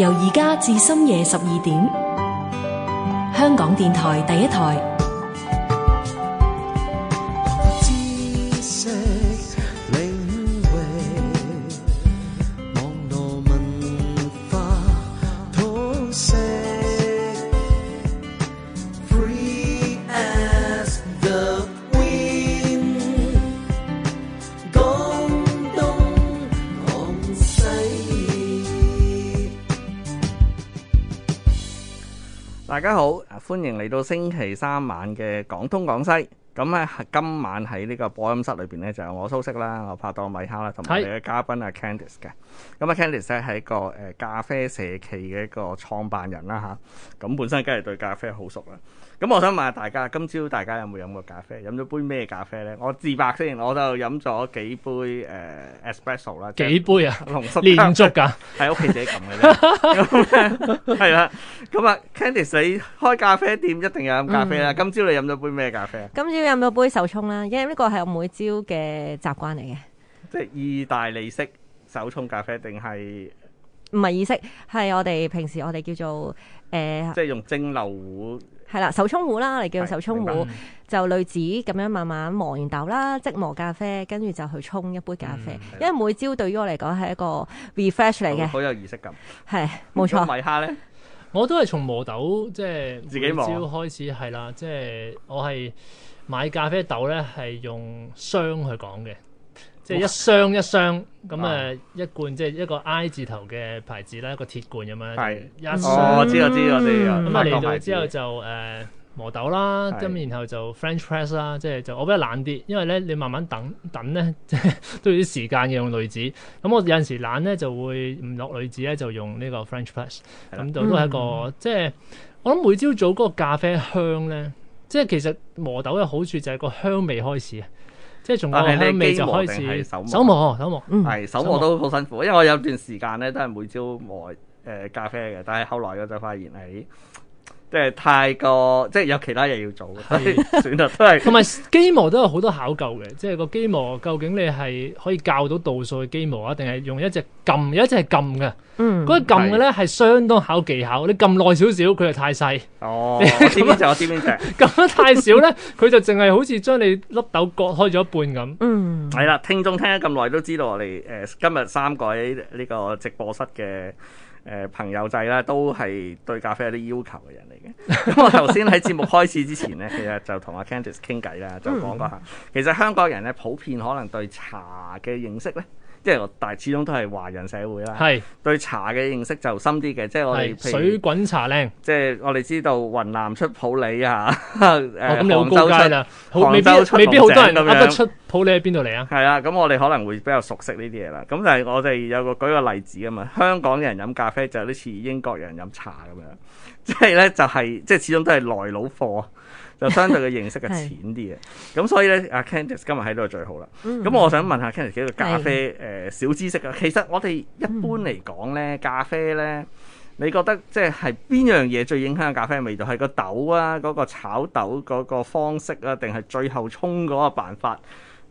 由而家至深夜十二點，香港電台第一台。大家好，歡迎嚟到星期三晚嘅講東講西。咁咧，今晚喺呢個播音室裏邊咧，就有我蘇奭啦，我拍檔米哈啦，同埋你嘅嘉賓阿 Candice 嘅。咁啊是，Candice 咧係一個誒咖啡社企嘅一個創辦人啦，吓咁本身梗係對咖啡好熟啦。咁我想問下大家，今朝大家有冇飲過咖啡？飲咗杯咩咖啡咧？我自白先，我就飲咗幾杯誒 Espresso 啦。Uh, es so, 幾杯啊？濃縮連續㗎，喺屋企自己撳嘅咧。係啦， 咁啊，Candice 你開咖啡店一定有飲咖啡啦。嗯、今朝你飲咗杯咩咖啡有有啊？今朝飲咗杯手沖啦，因為呢個係我每朝嘅習慣嚟嘅。即係意大利式手沖咖啡定係唔係意式？係我哋平時我哋叫做誒，呃、即係用蒸餾壺。係啦，手沖壺啦，我哋叫做手沖壺，就類似咁樣慢慢磨完豆啦，即磨咖啡，跟住就去沖一杯咖啡。嗯、因為每朝對於我嚟講係一個 refresh 嚟嘅，好有儀式感。係冇錯。米哈咧， 我都係從磨豆即係自己磨開始，係啦，即、就、係、是、我係買咖啡豆咧，係用箱去講嘅。即係一箱一箱咁誒，一罐、啊、即係一個 I 字頭嘅牌子啦，一個鐵罐咁樣。係是，一箱。哦、嗯，知我知我知咁啊，嚟、嗯、到之後就誒磨豆啦，咁是然後就 French press 啦，即係就我比較懶啲，因為咧你慢慢等等咧，即 係都要啲時間嘅用濾紙。咁我有陣時懶咧，就會唔落濾紙咧，就用呢個 French press 的。咁就都係一個、嗯、即係我諗每朝早嗰個咖啡香咧，即係其實磨豆嘅好處就係個香味開始啊。即係仲係喺機磨定係手、手磨？手磨，手、嗯、磨，係手磨都好辛苦，因為我有段時間咧都係每朝磨誒咖啡嘅，但係後來我就發現係。即係太過，即係有其他嘢要做，選擇的都係。同埋機磨都有好多考究嘅，即係個機磨究竟你係可以校到度數嘅機磨啊，定係用一隻撳，有一隻係撳嘅。嗯，嗰啲撳嘅咧係相當考技巧，的你撳耐少少，佢就太細。哦，邊邊隻我邊邊隻，撳得太少咧，佢 就淨係好似將你粒豆割開咗一半咁。嗯，係啦，聽眾聽咗咁耐都知道我哋誒今日三個喺呢個直播室嘅。誒、呃、朋友仔啦，都係對咖啡有啲要求嘅人嚟嘅。咁我頭先喺節目開始之前咧， 其實就同阿 Candice 傾偈啦，就講講下， 其實香港人咧普遍可能對茶嘅認識咧。即係，但係始終都係華人社會啦。係是對茶嘅認識就深啲嘅，即係我哋水滾茶靚。即係我哋知道雲南出普洱啊，咁、哦嗯哦、你好高階啦，未必樣未必好多人噏得出普洱喺邊度嚟啊。係啊，咁我哋可能會比較熟悉呢啲嘢啦。咁但係我哋有個舉個例子啊嘛，香港人飲咖啡就好似英國人飲茶咁樣，即係咧就係即係始終都係來佬貨。就相對嘅認識嘅淺啲嘅，咁 是所以咧，阿 Candice 今日喺度最好啦。咁、嗯、我想問下 Candice 幾個咖啡誒是、呃、小知識啊。其實我哋一般嚟講咧，嗯、咖啡咧，你覺得即係邊樣嘢最影響咖啡味道？係個豆啊，嗰、嗰個炒豆嗰個方式啊，定係最後沖嗰個辦法？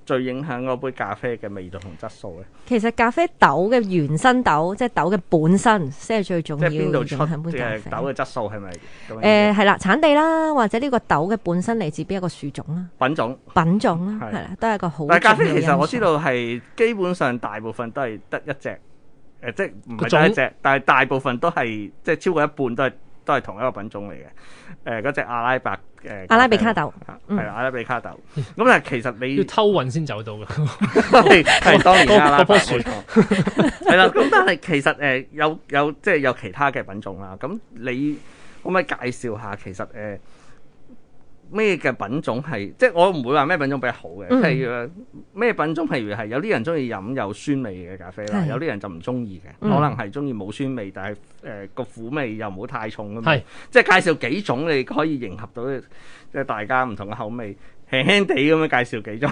最影響嗰杯咖啡嘅味道同質素咧，其實咖啡豆嘅原生豆，即係豆嘅本身先係最重要。即係邊度出豆嘅質素係咪咁樣？誒係啦，產地啦，或者呢個豆嘅本身嚟自邊一個樹種啦、啊？品種。品種啦、啊，係啦，都係一個好。但係咖啡其實我知道係基本上大部分都係得一隻，誒、呃，即係唔係得一隻，種但係大部分都係即係超過一半都係。都係同一個品種嚟嘅，誒嗰隻阿拉伯誒、呃、阿拉比卡豆，係啦、嗯、阿拉比卡豆。咁但係，其實你要偷運先走到嘅，係 當年阿拉伯。係啦 沒錯，咁 但係其實誒有有即係、就是、有其他嘅品種啦。咁你可唔可以介紹下其實誒？呃咩嘅品種係，即係我唔會話咩品種比較好嘅，譬如咩、嗯、品種，譬如係有啲人中意飲有酸味嘅咖啡啦，係有啲人就唔中意嘅，嗯、可能係中意冇酸味，但係誒個苦味又唔好太重啊嘛。係係，即係介紹幾種你可以迎合到即係大家唔同嘅口味。輕輕地咁樣介紹幾種，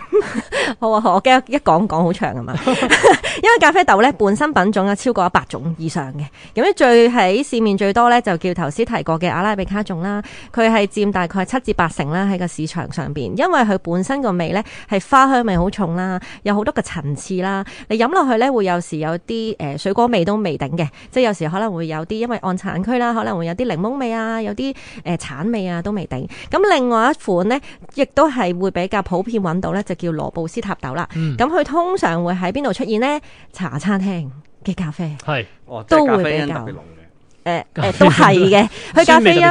好啊好，我驚一講講好長啊嘛， 因為咖啡豆咧本身品種咧超過一百種以上嘅，咁咧最喺市面最多咧就叫頭先提過嘅阿拉比卡種啦，佢係佔大概七至八成啦喺個市場上面，因為佢本身個味咧係花香味好重啦，有好多嘅層次啦，你飲落去咧會有時有啲誒、呃、水果味都未頂嘅，即係有時可能會有啲因為按產區啦，可能會有啲檸檬味啊，有啲誒、呃、橙味啊都未頂，咁另外一款咧亦都係。係會比較普遍揾到咧，就叫羅布斯塔豆啦。咁佢、嗯、通常會喺邊度出現呢？茶餐廳嘅咖啡係，是都會比較濃濃，都係嘅。佢咖啡因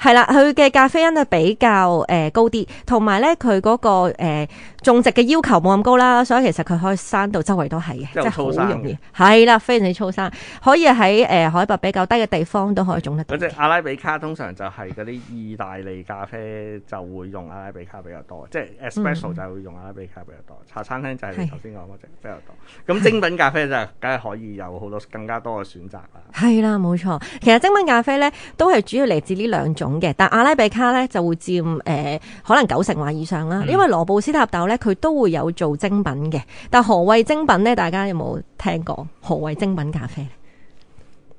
係啦，佢嘅 咖啡因係比較誒、呃、高啲，同埋咧佢嗰個誒。呃種植嘅要求冇咁高啦，所以其實佢可以生到周圍都係嘅，即係好容易，係啦，非常之粗生，可以喺誒、呃、海拔比較低嘅地方都可以種得到。嗰隻阿拉比卡通常就係嗰啲意大利咖啡就會用阿拉比卡比較多，即係 Espresso 就會用阿拉比卡比較多。嗯、茶餐廳就係你頭先講嗰隻比較多。咁精品咖啡就梗係可以有好多更加多嘅選擇啦。係啦，冇錯，其實精品咖啡咧都係主要嚟自呢兩種嘅，但阿拉比卡咧就會佔誒、呃、可能九成或以上啦，因為羅布斯塔豆咧。嗯佢都會有做精品嘅，但何謂精品呢？大家有冇聽過何謂精品咖啡？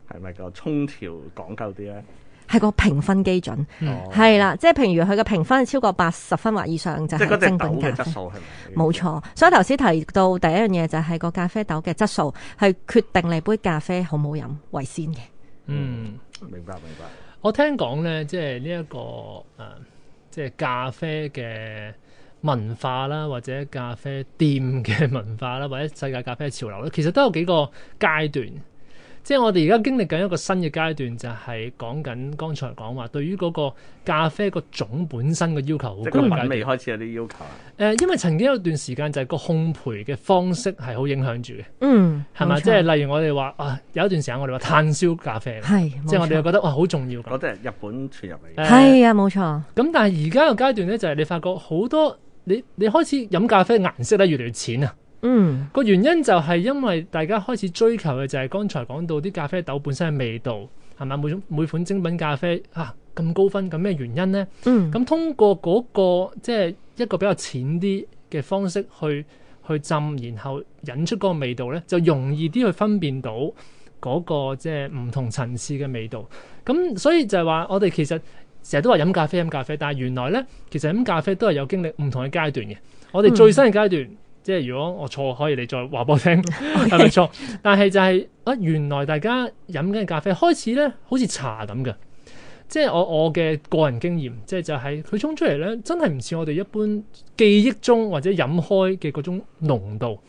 係咪個沖調講究啲呢？係個評分基準，係啦，即係譬如佢個評分係超過八十分或以上就係精品咖啡，即係嗰隻豆嘅質素係冇錯。所以頭先提到第一樣嘢就係個咖啡豆嘅質素係決定你杯咖啡好唔好飲為先嘅。嗯，明白明白。我聽講呢，即係呢一個誒，即係咖啡嘅。文化啦，或者咖啡店嘅文化啦，或者世界咖啡潮流咧，其實都有幾個階段。即係我哋而家經歷緊一個新嘅階段，就係、是、講緊剛才講話，對於嗰個咖啡個種本身嘅要求好高嘅階段。未開始有啲要求啊？誒、嗯，因為曾經有段時間就係個烘焙嘅方式係好影響住嘅。嗯，係嘛吧？錯即係例如我哋話，啊，有一段時間我哋話炭燒咖啡嘅，即係我哋又覺得哇好重要嘅。嗰啲係日本傳入嚟嘅。係啊、呃，冇錯。咁、嗯、但係而家個階段咧，就係你發覺好多。你你開始飲咖啡，顏色咧越嚟越淺啊！嗯，個原因就係因為大家開始追求嘅就係剛才講到啲咖啡豆本身嘅味道係咪？每種每款精品咖啡啊，咁高分咁咩原因咧，嗯，咁通過嗰個即係一個比較淺啲嘅方式去去浸，然後引出嗰個味道咧，就容易啲去分辨到嗰個即係唔同層次嘅味道。咁所以就係話我哋其實。成日都話飲咖啡飲咖啡，但係原來呢，其實飲咖啡都係有經歷唔同嘅階段嘅。我哋最新嘅階段，嗯、即係如果我錯，可以你再話畀我聽，係咪 錯？但係就係、是、啊，原來大家飲緊嘅咖啡開始呢，好似茶咁嘅，即係我我嘅個人經驗，即係就係佢沖出嚟呢，真係唔似我哋一般記憶中或者飲開嘅嗰種濃度，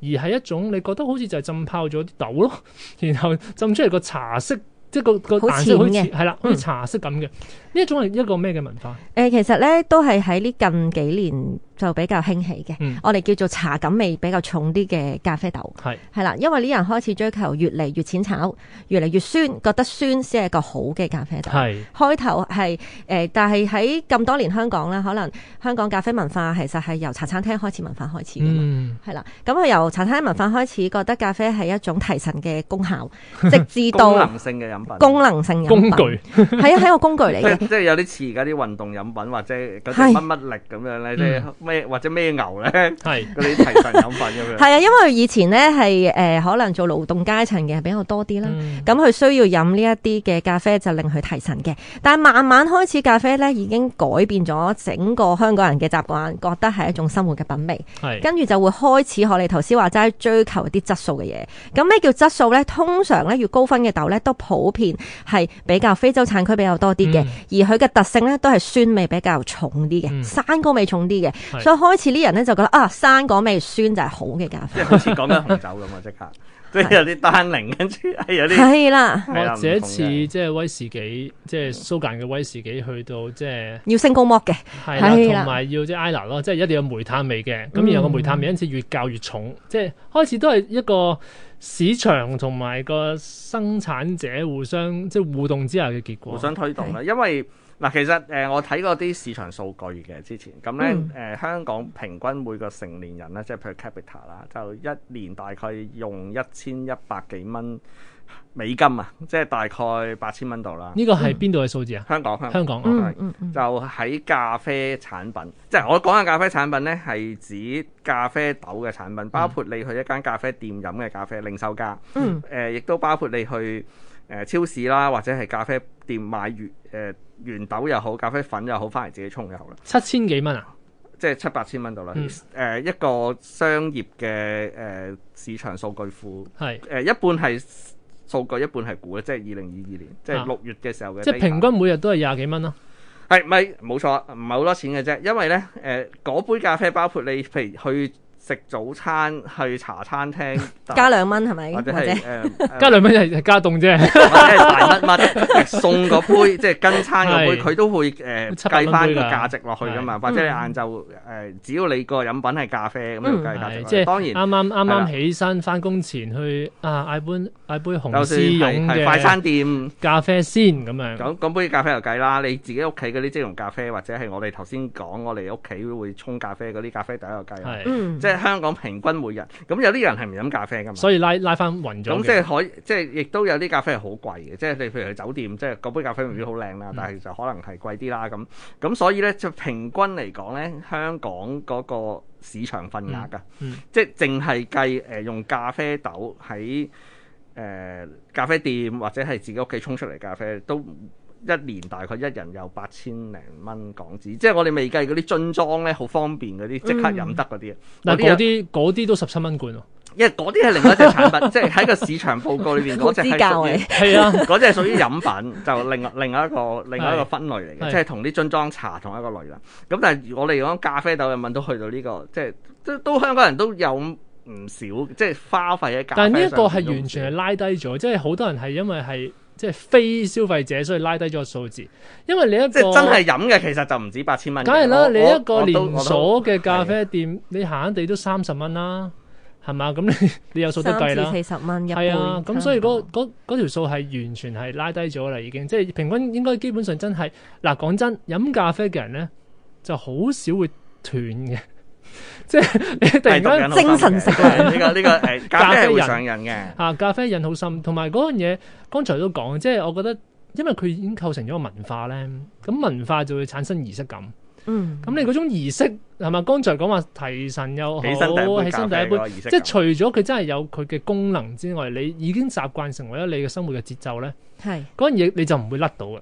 而係一種你覺得好似就係浸泡咗啲豆咯，然後浸出嚟個茶色。即係嗰個顏色好似係啦，好似茶色咁嘅呢一種係一個咩嘅文化？誒，其實咧都係喺呢近幾年，就比較興起嘅，我哋、嗯、叫做茶感味比較重啲嘅咖啡豆。係是，係啦，因為呢人開始追求越嚟越淺炒，越嚟越酸，覺得酸先係一個好嘅咖啡豆。係是，開頭係誒、呃，但係喺咁多年香港啦，可能香港咖啡文化其實係由茶餐廳開始文化開始嘅、嗯，嗯，係、嗯、啦，咁佢由茶餐廳文化開始，覺得咖啡係一種提神嘅功效，直至到功能性嘅飲品，功能性飲品，係、嗯、啊，係一個工具嚟嘅，即係有啲似而家啲運動飲品或者嗰啲乜乜力咁樣咧，即係。或者咩牛咧？係嗰啲提神飲品咁樣。係啊，因為以前咧係誒可能做勞動階層嘅比較多啲啦。咁佢、嗯、需要飲呢一啲嘅咖啡就令佢提神嘅。但係慢慢開始，咖啡咧已經改變咗整個香港人嘅習慣，覺得係一種生活嘅品味。跟住是就會開始學你頭先話齋，追求一啲質素嘅嘢。咁咩叫質素咧？通常咧越高分嘅豆咧，都普遍係比較非洲產區比較多啲嘅，嗯、而佢嘅特性咧都係酸味比較重啲嘅，嗯、山高味重啲嘅。嗯所以開始啲人咧就覺得啊，生果味酸就係好嘅咖啡，即係好似講緊紅酒咁啊！ 即刻，即係有啲單寧，跟住係有啲係啦。呢一的次即係威士忌，即係蘇格蘭嘅威士忌，去到即、就、係、是、要升高摩嘅，係啦的，同埋的要即係艾拿咯，即係一定要煤炭味嘅。咁、嗯、然後個煤炭味一次越教越重，即、就、係、是、開始都係一個市場同埋個生產者互相即係互動之下嘅結果，互相推動啦，的因為。嗱，其實誒、呃，我睇過啲市場數據嘅之前，咁咧誒，香港平均每個成年人咧，即係譬如 per capita 啦，就一年大概用一千一百幾蚊美金啊，即係大概八千蚊度啦。呢個係邊度嘅數字啊？香港，香港，香港嗯、就喺咖啡產品。嗯嗯嗯即係我講嘅咖啡產品咧，係指咖啡豆嘅產品，包括你去一間咖啡店飲嘅咖啡零售價。嗯，嗯、呃。誒，亦都包括你去。誒、呃、超市啦，或者係咖啡店買、呃、圓誒圓豆又好，咖啡粉又好，翻嚟自己沖又好啦。七千幾蚊啊？即係七八千蚊度啦。誒、嗯呃、一個商業嘅誒、呃、市場數據庫係誒是、呃、一半係數據，一半係估。即係二零二二年，即係六月嘅時候嘅、啊。即係平均每日都係廿幾蚊咯、啊。係咪冇錯？唔係好多錢嘅啫，因為咧誒嗰杯咖啡包括你，譬如去。食早餐去茶餐廳，加兩蚊係咪？或者係加兩蚊就係加凍啫，或者係大乜乜送個杯，即係跟餐個杯，佢都會誒計翻個價值落去㗎嘛。或者你晏晝誒，只要你個飲品係咖啡咁樣計價值。即係當然啱啱啱啱起身翻工前去啊，嗌杯嗌杯紅絲絨嘅快餐店咖啡先咁樣。咁杯咖啡又計啦，你自己屋企嗰啲即溶咖啡，或者係我哋頭先講我哋屋企會沖咖啡嗰啲咖啡豆又計。係，即即係香港平均每人，咁有啲人係唔飲咖啡㗎嘛，所以拉拉翻勻咗咁即係可即係亦都有啲咖啡係好貴嘅，即係你譬如去酒店，即係嗰杯咖啡已經好靚啦，嗯、但係就可能係貴啲啦咁咁，所以咧就平均嚟講咧，香港嗰個市場份額㗎，嗯嗯、即係淨係計誒用咖啡豆喺誒、呃、咖啡店或者係自己屋企沖出嚟咖啡都。一年大概一人有八千零蚊港紙，即係、 就是、我哋未計嗰啲樽裝咧，好方便嗰啲，即刻飲得嗰啲、那個。嗱、嗯，嗰啲啲都十七蚊罐喎，因為嗰啲係另外一隻產品，即係喺個市場報告裏邊嗰隻係屬於啊，嗰隻係屬於飲品，就 另樂另外一個另外一個分類嚟嘅，即、就、係、是、同啲樽裝茶同一個類啦。咁但係我哋講咖啡豆飲品都去到呢、這個，即係都都香港人都有唔少，即係花費喺。但係呢一個係完全係拉低咗，即係好多人係因為係。即係非消費者，所以拉低咗個數字。因為你一個即真係飲嘅，其實就唔止八千蚊。梗係啦，我你一個連鎖嘅咖啡店，你行行地都三十蚊啦，係嘛？咁你 你有數都計啦。三四十蚊一杯。係啊，咁所以嗰嗰嗰條數係完全係拉低咗啦，已經。即係平均應該基本上真係嗱，講真，飲咖啡嘅人咧，就好少會斷嘅。即係你突然間精神食，呢個呢個係咖啡會上癮嘅，吓，咖啡癮好深。同埋嗰樣嘢，剛才都講，即係我覺得，因為佢已經構成咗個文化咧，咁文化就會產生儀式感。咁、嗯、你嗰種儀式係咪？剛才講話提神又好，起身第一杯，起身第一杯。即係除咗佢真係有佢嘅功能之外，你已經習慣成為咗你嘅生活嘅節奏咧。係嗰樣嘢，你就唔會甩到嘅。咁、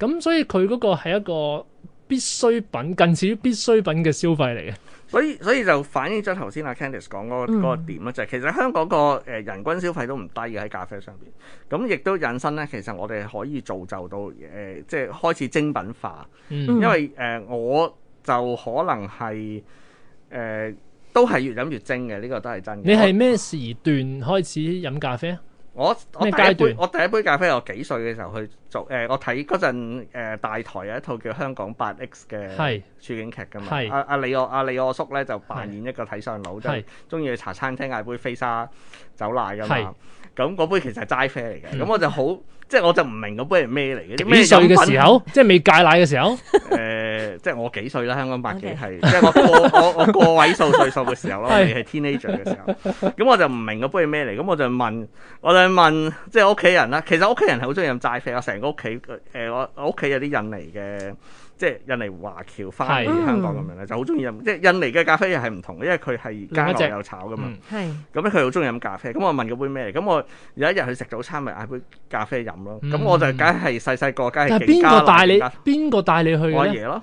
嗯、所以佢嗰個係一個必需品，近似於必需品嘅消費嚟嘅。所以所以就反映咗頭先阿 Candice 講嗰個嗰個點、嗯、就係其實香港個誒人均消費都唔低嘅，喺咖啡上邊。咁亦都引申咧，其實我哋可以造就到誒、呃，即係開始精品化。嗯、因為誒、呃，我就可能係誒、呃，都係越飲越精嘅，呢、呢個都係真嘅。你係咩時段開始飲咖啡啊？我我第一杯我第一杯咖啡，我幾歲嘅時候去做？誒、呃，我睇嗰陣誒大台有一套叫《香港八 X》嘅處境劇噶嘛？阿阿是、啊啊、李我阿、啊、李阿叔咧就扮演一個睇相佬，是就係中意去茶餐廳嗌杯飛沙走奶噶嘛？咁嗰是杯其實齋啡嚟嘅，咁、嗯、我就好，即係我就唔明嗰杯係咩嚟嘅？嗯、幾歲嘅時候？即係未戒奶嘅時候？誒、 呃。誒，即係我幾歲啦？香港百幾係，即係我我我我個位數歲數嘅時候咯，係 teenager 嘅時候，咁我就唔明嗰杯咩嚟，咁我就問，我就問即係屋企人啦。其實屋企人係好中意飲齋啡啊！成個屋企誒，我我屋企有啲印尼嘅，即係印尼華僑翻香港咁樣咧，就好中意飲，即係印尼嘅咖啡又係唔同，因為佢係加熱又炒噶嘛。係咁佢好中意飲咖啡。咁我問嗰杯咩嚟？咁我有一日去食早餐，咪嗌杯咖啡飲咯。咁我就梗係細細個，梗係幾家來幾家去。邊個帶你？邊個帶你去嘅？我爺咯。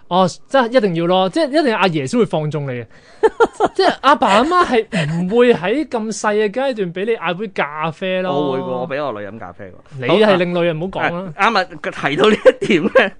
哦，即係一定要咯，即係一定阿爺先會放縱你嘅， 即係阿爸阿媽係唔會喺咁細嘅階段俾你嗌杯咖啡咯。我會，我俾我女飲咖啡。你係另類人，唔好講啱啊，提到呢一點咧，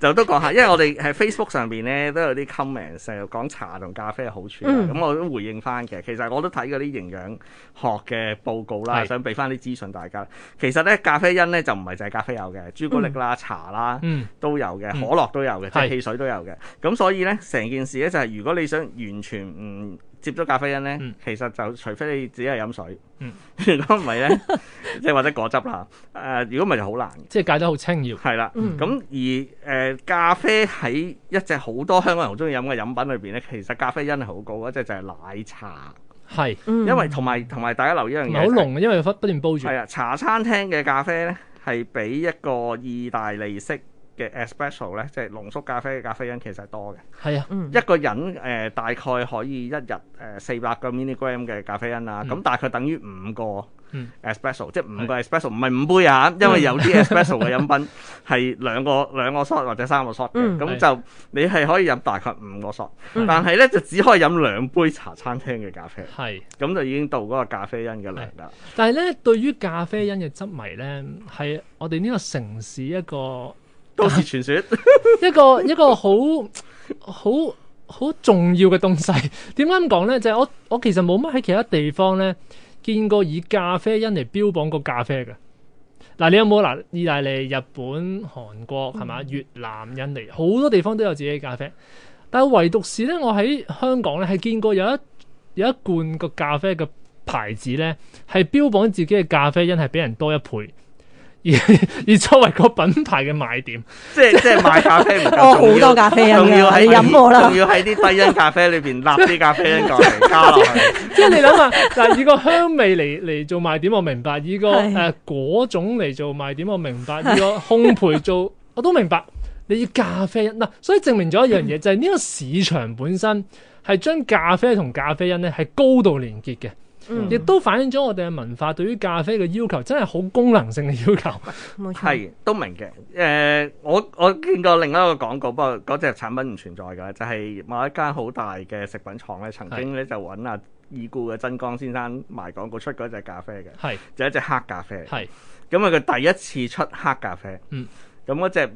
就都講下， 因為我哋喺 Facebook 上邊咧都有啲 comment，成日講茶同咖啡嘅好處咁、嗯、我都回應翻嘅，其實我都睇過啲營養學嘅報告啦，是想俾翻啲資訊大家。其實咧咖啡因咧就唔係淨係咖啡有嘅，朱古力啦、茶啦、嗯、都有嘅，可樂都有嘅、嗯，即係汽水都有。是嘅咁所以咧，成件事咧就係、是、如果你想完全唔接觸咖啡因咧，嗯、其實就除非你自己係飲水，嗯、如果唔係咧，即係 或者果汁啦。誒、呃，如果唔係就好難。即係戒得好清潔。係啦的，咁、嗯、而誒、呃、咖啡喺一隻好多香港人好中意飲嘅飲品裏邊咧，其實咖啡因係好高嘅，即就係、是、奶茶。係是，嗯、因為同埋同埋大家留意一樣嘢，好濃嘅，因為不斷煲住。係啊，茶餐廳嘅咖啡咧係比一個意大利式，式。嘅 espresso 咧，即係濃縮咖啡嘅咖啡因其實係多嘅。係啊，一個人誒大概可以一日誒四百個 milligram 嘅咖啡因啦。咁大概等於五個 espresso，即係五個 espresso，唔係五杯啊。因為有啲 espresso 嘅飲品係兩個兩個 shot 或者三個 shot，咁就你係可以飲大概五個 shot，但係咧就只可以飲兩杯茶餐廳嘅咖啡。係，咁就已經到嗰個咖啡因嘅量喇。但係咧，對於咖啡因嘅執迷咧，係我哋呢個城市一個。都市傳說， 一個一個好好好重要嘅東西。點解咁講呢？就係、是、我我其實冇乜喺其他地方呢見過以咖啡因嚟標榜個咖啡嘅。嗱、啊，你有冇嗱？意大利、日本、韓國係咪啊？越南、印尼好多地方都有自己嘅咖啡，但係唯獨是呢，我喺香港呢，係見過有一有一罐個咖啡嘅牌子呢，係標榜自己嘅咖啡因係比人多一倍。而 作為個品牌嘅賣點，即係即係賣咖啡唔夠重 要，仲要喺飲我啦，仲要喺啲低因咖啡裏邊立啲咖啡因過嚟加落去。即係你諗下，嗱，以個香味嚟嚟做賣點，我明白；以個誒果種嚟做賣點，我明白；以 個烘焙做， 我都明白。你要咖啡因嗱，所以證明咗一樣嘢， 就係呢個市場本身係將咖啡同咖啡因咧係高度連結嘅。嗯，亦都反映咗我哋嘅文化對於咖啡嘅要求，真係好功能性嘅要求。冇錯，係都明嘅。誒，呃，我我見過另一個廣告，不過嗰隻產品唔存在㗎，就係、是、某一間好大嘅食品廠咧，曾經咧是就揾阿已故嘅真光先生賣廣告出嗰隻咖啡嘅，係是就一隻黑咖啡。係咁啊，佢第一次出黑咖啡。嗯，咁嗰隻。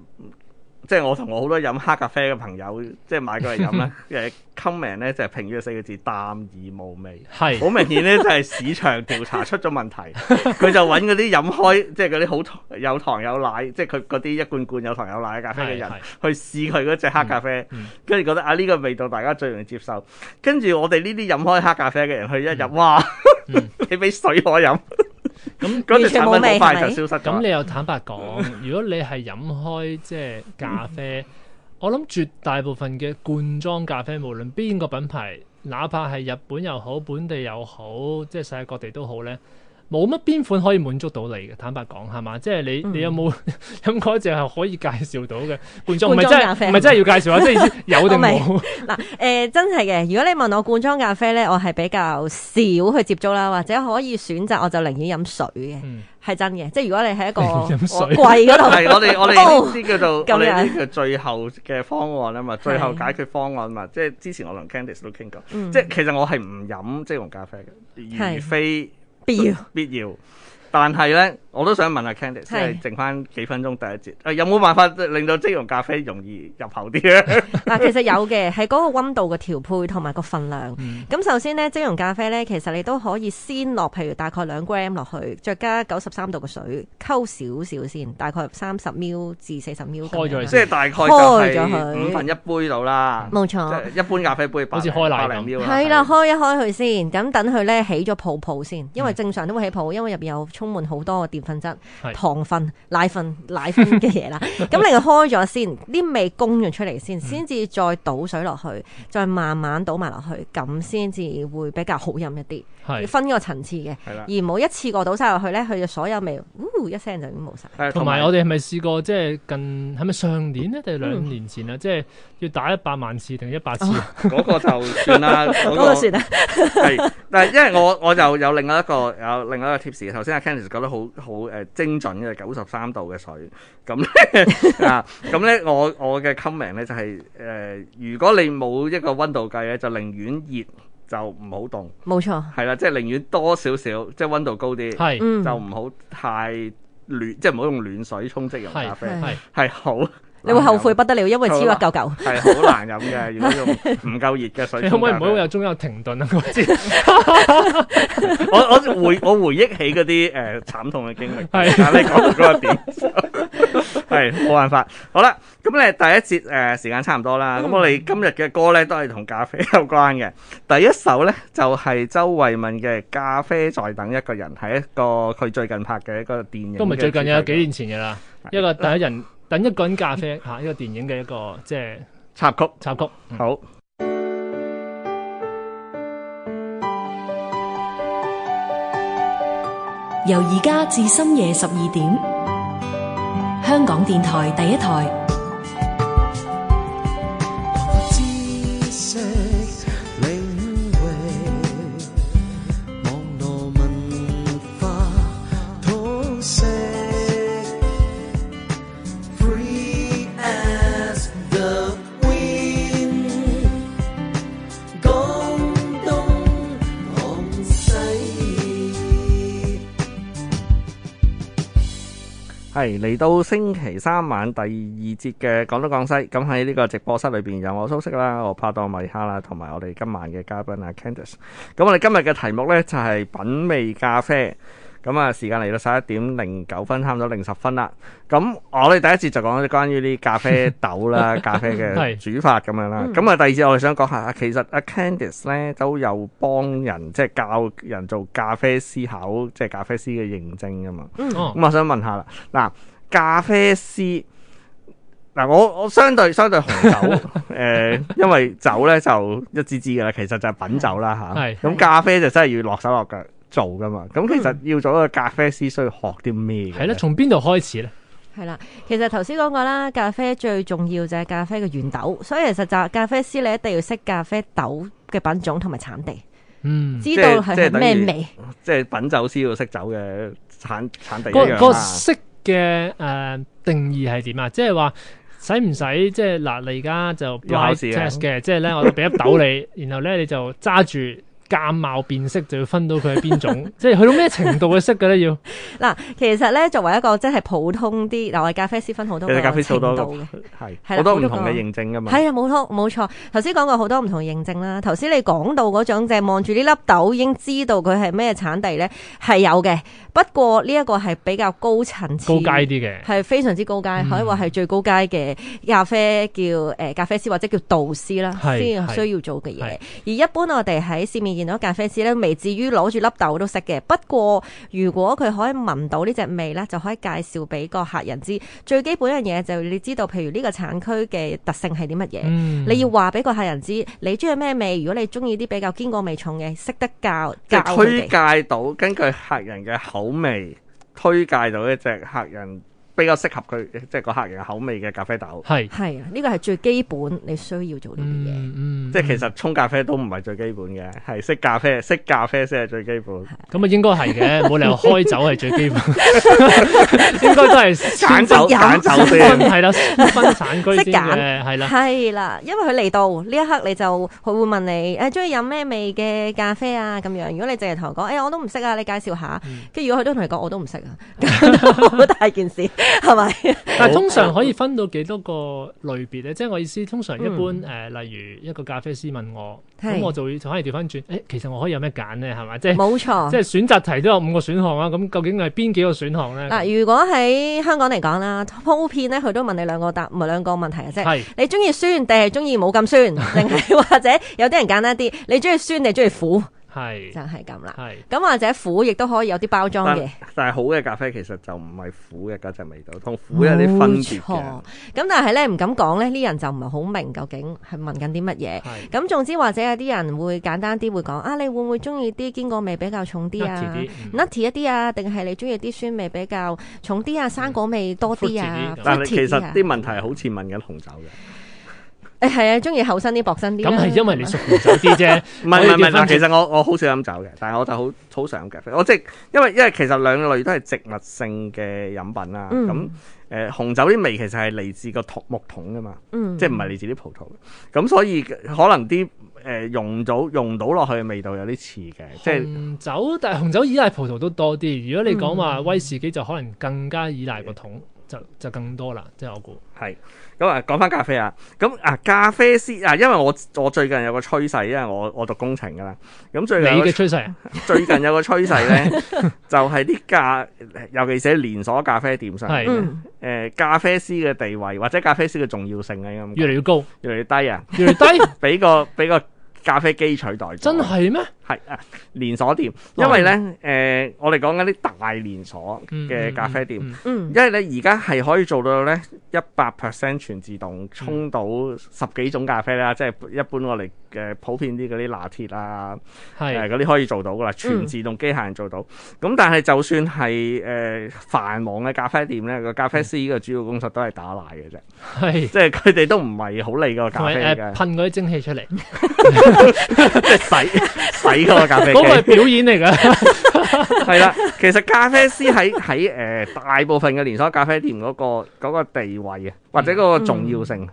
即係我同我好多飲黑咖啡嘅朋友，即係買過嚟飲啦。誒 comment 咧 就評語四個字，淡而無味，係好 明顯咧，就係、係、市場調查出咗問題。佢就揾嗰啲飲開即係嗰啲好糖、有糖有奶，即係佢嗰啲一罐罐有糖有奶嘅咖啡嘅人 去試佢嗰隻黑咖啡，跟住 覺得啊呢個味道大家最容易接受。跟住我哋呢啲飲開黑咖啡嘅人去一入：「哇！ 你俾水我飲。咁隻產品好快就消失。咁你又坦白講，如果你係飲開即係、就是、咖啡， 我諗絕大部分嘅罐裝咖啡，無論邊個品牌，哪怕係日本又好，本地又好，即係世界各地都好呢。冇乜邊款可以滿足到你嘅，坦白講係嘛？即係你你有冇飲嗰隻係可以介紹到嘅罐裝咖啡？唔係真係唔係真係要介紹啊？即係有定冇？嗱誒，真係嘅。如果你問我罐裝咖啡咧，我係比較少去接觸啦，或者可以選擇我就寧願飲水嘅，係真嘅。即係如果你係一個櫃嗰度，我哋我哋呢啲叫做我哋呢個最後嘅方案啊嘛，最後解決方案啊嘛。即係之前我同 Candice 都傾過，即係其實我係唔飲即溶咖啡嘅，而非。必要， 必要，但係咧。我都想問，問 ace, 是下 Candice 即 e 係剩翻幾分鐘第一節，誒、啊、有冇辦法令到即溶咖啡容易入口啲咧？嗱， 其實有嘅，係嗰個温度嘅調配同埋個份量。咁、嗯、首先咧，即溶咖啡咧，其實你都可以先落，譬如大概兩 gram 落去，再加九十三度嘅水，溝少少先，大概三十 ml 至四十 ml。開咗佢，即係大概係五分一杯到啦。冇錯，即係一般咖啡杯，好似開奶咁。係啦，開一開佢先，咁等佢咧起咗泡泡先，因為正常都會起泡，因為入邊有充滿好多個分質糖分奶粉、奶粉嘅嘢啦，咁你佢開咗先，啲味供完出嚟先，先至再倒水落去，再慢慢倒埋落去，咁先至會比較好飲一啲。係 要分個層次嘅，而冇一次過倒晒落去呢，佢就所有味嗯一聲就已經冇曬。同埋有我哋係咪試過即係近係咪上年咧定、嗯、兩年前咧？嗯、即係要打一百萬次定一百次？嗰、啊、個就算啦，嗰、 嗰個、個算啦。係， 但係因為我我就有另外一個有另外一個 tips。頭先阿 Candice 講得好好誒精準嘅九十三度嘅水。咁咧啊，咁咧 我我嘅 comment 咧就係、係、誒、呃，如果你冇一個温度計咧，就寧願熱。就唔好凍，冇錯，係啦，即、就、係、是、寧願多少少，即係温度高啲，係是，就唔好太暖，即係唔好用暖水沖即溶咖啡，係是，係好。是 你會後悔不得了，因為超級一嚿嚿，係好難飲嘅，如果用唔夠熱嘅水。可唔可以唔好有中間停頓啊！我我回我回憶起嗰啲誒慘痛嘅經歷。係是你講到嗰一點，係冇辦法。好啦，咁咧第一節誒、呃、時間差唔多啦。咁、嗯、我哋今日嘅歌咧都係同咖啡有關嘅。第一首咧就係、是、周慧敏嘅《咖啡在等一個人》，係一個佢最近拍嘅一個電影。都唔係最近，有幾年前嘅啦。是一個第一個人。等一個人咖啡，嚇呢個電影嘅一個即係插曲，插曲好。嗯、由而家至深夜十二點，香港電台第一台。嚟到星期三晚第二節嘅講東講西，咁喺呢個直播室裏邊有我蘇奭啦，我拍檔米哈啦，同埋我哋今晚嘅嘉賓啊，Candice。咁我哋今日嘅題目呢，就係、是、品味咖啡。咁啊，時間嚟到十一點零九分，差唔多零十分啦。咁我哋第一節就講啲關於啲咖啡豆啦、 咖啡嘅煮法咁樣啦。咁啊，第二節我哋想講下，其實阿 Candice 咧都有幫人即係、就是、教人做咖啡師考，即係咖啡師嘅認證㗎嘛。咁 我想問下啦，嗱，咖啡師嗱，我我相對相對紅酒，誒、 呃，因為酒咧就一支支噶啦，其實就係品酒啦吓，咁咖， 咖啡就真係要落手落腳。做噶嘛，咁其實要做一個咖啡師，需要學啲咩？係啦，從邊度開始咧？係啦，其實頭先講過啦，咖啡最重要就係咖啡嘅原豆，嗯、所以其實就咖啡師你一定要識咖啡豆嘅品種同埋產地，嗯，知道係咩味，即係品酒師要識酒嘅產產地樣個。個個識嘅誒定義係點啊？即係話使唔使即係嗱？你而家就要考試嘅，即係咧，我俾一豆 你，然後咧你就揸住。鑑貌辨色就要分到佢係邊種， 即係去到咩程度嘅色嘅咧？要嗱，其實咧作為一個即係普通啲，嗱我哋咖啡師分好多程度嘅，係好多唔度是同嘅認證噶嘛。係啊，冇錯冇錯，頭先講過好多唔同認證啦。頭先你講到嗰種，即係望住呢粒豆已經知道佢係咩產地咧，係有嘅。不過呢一個係比較高層次，高階啲嘅，係非常之高階，嗯、可以話係最高階嘅咖啡叫誒咖啡師或者叫導師啦，先、嗯、需要做嘅嘢。嗯、而一般我哋喺市面見到咖啡師咧，未至於攞住粒豆都識嘅。不過如果佢可以聞到隻呢隻味咧，就可以介紹俾個客人知最基本一樣嘢就你知道，譬如呢個產區嘅特性係啲乜嘢，嗯、你要話俾個客人知你中意咩味。如果你中意啲比較堅果味重嘅，識得教，推介到根據客人嘅口。好味，推介到一隻客人。比較適合佢即係個客人嘅口味嘅咖啡豆係，係啊，呢個係最基本你需要做到嘅嘢，即係其實沖咖啡都唔係最基本嘅，係識咖啡，識咖啡先係最基本。咁啊應該係嘅，冇理由開酒係最基本，應該都係揀酒，揀酒先係啦，分產區先嘅係啦係啦，因為佢嚟到呢一刻你就佢會問你誒，中意飲咩味嘅咖啡啊咁樣。如果你淨係同佢講誒，我都唔識啊，你介紹下。跟住如果佢都同你講，我都唔識啊，好大件事。係咪？ 但係通常可以分到幾多個類別咧？ 嗯、即係我意思，通常一般誒、呃，例如一個咖啡師問我，咁是 我就會就可以調翻轉。誒、欸，其實我可以有咩揀咧？係咪？即係冇錯，沒錯 即係選擇題都有五個選項啊。咁究竟係邊幾個選項咧？嗱，如果喺香港嚟講啦，普遍咧，佢都問你兩個答，唔係兩個問題啊。即係你中意酸定係中意冇咁酸，定係是 或者有啲人簡單啲，你中意酸定係中意苦？係是就係咁啦，咁是或者苦亦都可以有啲包裝嘅。但係好嘅咖啡其實就唔係苦嘅嗰隻味道，同苦有啲分別嘅。咁但係咧，唔敢講咧，啲人就唔係好明究竟係問緊啲乜嘢。咁是總之或者有啲人會簡單啲會講啊，你會唔會中意啲堅果味比較重啲啊，nutty 一啲啊，定係、嗯、你中意啲酸味比較重啲啊，生果味多啲啊？嗯、但係其實啲問題好似問緊紅酒嘅。嗯誒，係、哎、啊，中意厚身啲、薄身啲、啊。咁係因為你熟葡萄酒啲啫，唔係唔係唔係， 其實我我好少飲酒嘅，但係我就好好想咖啡。我即係因為因為其實兩類都係植物性嘅飲品啦。咁誒、嗯呃，紅酒啲味其實係嚟自個桶木桶噶嘛，嗯、即係唔係嚟自啲葡萄。咁所以可能啲誒、呃、溶到溶到落去嘅味道有啲似嘅。即係紅酒，就是、但係紅酒依賴葡萄都多啲。如果你講話威士忌，就可能更加依賴個桶。嗯就就更多啦，即係我估。係，咁啊講翻咖啡啊，咁啊咖啡師啊，因為我我最近有個趨勢，因為我我讀工程㗎啦。咁最近你嘅趨勢？最近有，個趨，最近有個趨勢咧， 就係啲咖，尤其是係連鎖咖啡店上，係誒的、呃、咖啡師嘅地位或者咖啡師嘅重要性啊，越嚟越高，越嚟越低啊， 越嚟越低，俾個俾個。咖啡機取代真係咩？係啊，連鎖店，因為咧，誒、呃，我哋講緊啲大連鎖嘅咖啡店，嗯嗯嗯、因為咧，而家係可以做到咧一百 percent 全自動沖到十幾種咖啡啦，嗯、即係一般我哋誒普遍啲嗰啲拿鐵啊，係嗰啲可以做到噶啦，全自動機械人做到。咁、嗯、但係就算係誒、呃、繁忙嘅咖啡店咧，個咖啡師呢個主要工作都係打奶嘅啫，係、嗯嗯、即係佢哋都唔係好理嗰個咖啡嘅，噴嗰啲蒸汽出嚟。 即係洗洗嗰個咖啡機，係表演嚟噶，係 啦。 其實咖啡師喺喺誒大部分嘅連鎖咖啡店嗰、嗰個、嗰個地位啊，或者嗰個重要性誒、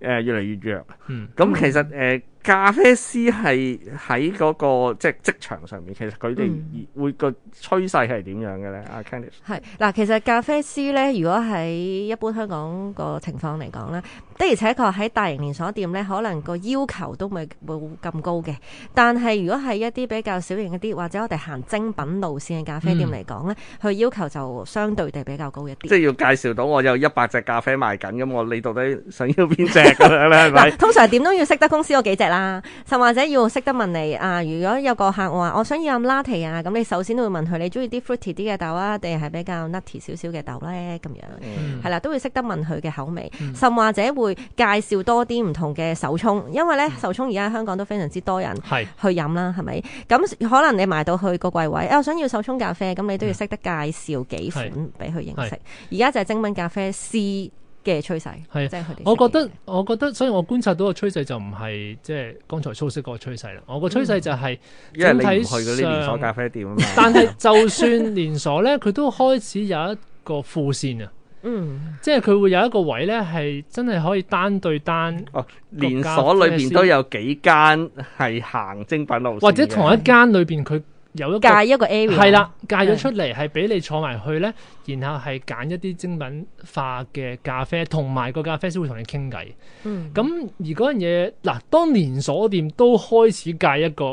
嗯呃、越嚟越弱。嗯，咁其實誒。呃咖啡師係喺嗰個即係職場上面，其實佢哋會、嗯、會個趨勢係點樣嘅咧？阿 Kenneth 係嗱，其實咖啡師咧，如果喺一般香港個情況嚟講咧，的而且確喺大型連鎖店咧，可能個要求都未冇咁高嘅。但係如果係一啲比較小型一啲，或者我哋行精品路線嘅咖啡店嚟講咧，佢、嗯、要求就相對地比較高一啲。即係要介紹到我有一百隻咖啡賣緊，咁我你到底想要邊隻咁樣咧？係 通常點都要識得公司有幾隻 啊，甚或者要識得問你啊，如果有個客話我想要飲 latte 啊，咁你首先都會問佢你中意啲 fruity 啲嘅豆啊，定係比較 nutty 少少嘅豆咧？咁樣係啦、嗯，都會識得問佢嘅口味，甚或者會介紹多啲唔同嘅手沖，因為咧、嗯、手沖而家香港都非常之多人去飲啦，係咪是？咁可能你埋到去個櫃位、哎，我想要手沖咖啡，咁你都要識得介紹幾款俾佢認識。而家就係精品咖啡師。嘅趨勢係，是勢我覺得我覺得，所以我觀察到嘅趨勢就唔係即係剛才蘇奭嗰個趨勢啦。嗯、我個趨勢就係整體去啲連鎖咖啡店啊嘛，但係就算連鎖咧，佢 都開始有一個副線啊。嗯，即係佢會有一個位咧，係真係可以單對單。哦，連鎖裏邊都有幾間係行精品路線，或者同一間裏邊佢。有一界一個 area 係啦，界咗出嚟係俾你坐埋去呢，然後係揀一啲精品化嘅咖啡，同埋個咖啡師會同你傾偈。嗯，咁而嗰樣嘢嗱，當連鎖店都開始界一個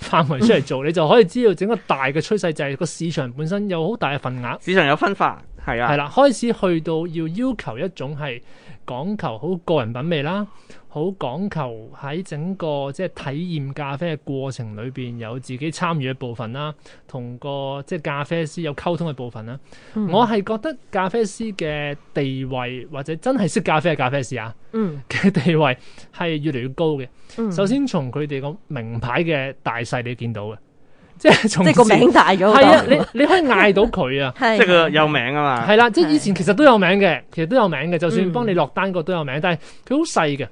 範圍出嚟做，嗯、 你就可以知道整個大嘅趨勢就係、是、個市場本身有好大嘅份額，市場有分化係啊，係啦，開始去到要要求一種係。講求好個人品味啦，好講求喺整個即係體驗咖啡嘅過程裏邊有自己參與嘅部分啦，同個即係咖啡師有溝通嘅部分啦。嗯、我係覺得咖啡師嘅地位或者真係識咖啡嘅咖啡師啊嘅地位係越嚟越高嘅。首先從佢哋個名牌嘅大細你見到嘅。即係從即係個名大咗好多，係啊，你你可以嗌到佢啊， 啊！即係佢有名啊嘛。係啦，即係以前其實都有名嘅，其實都有名嘅，就算幫你落單個都有名，嗯、但係佢好細嘅，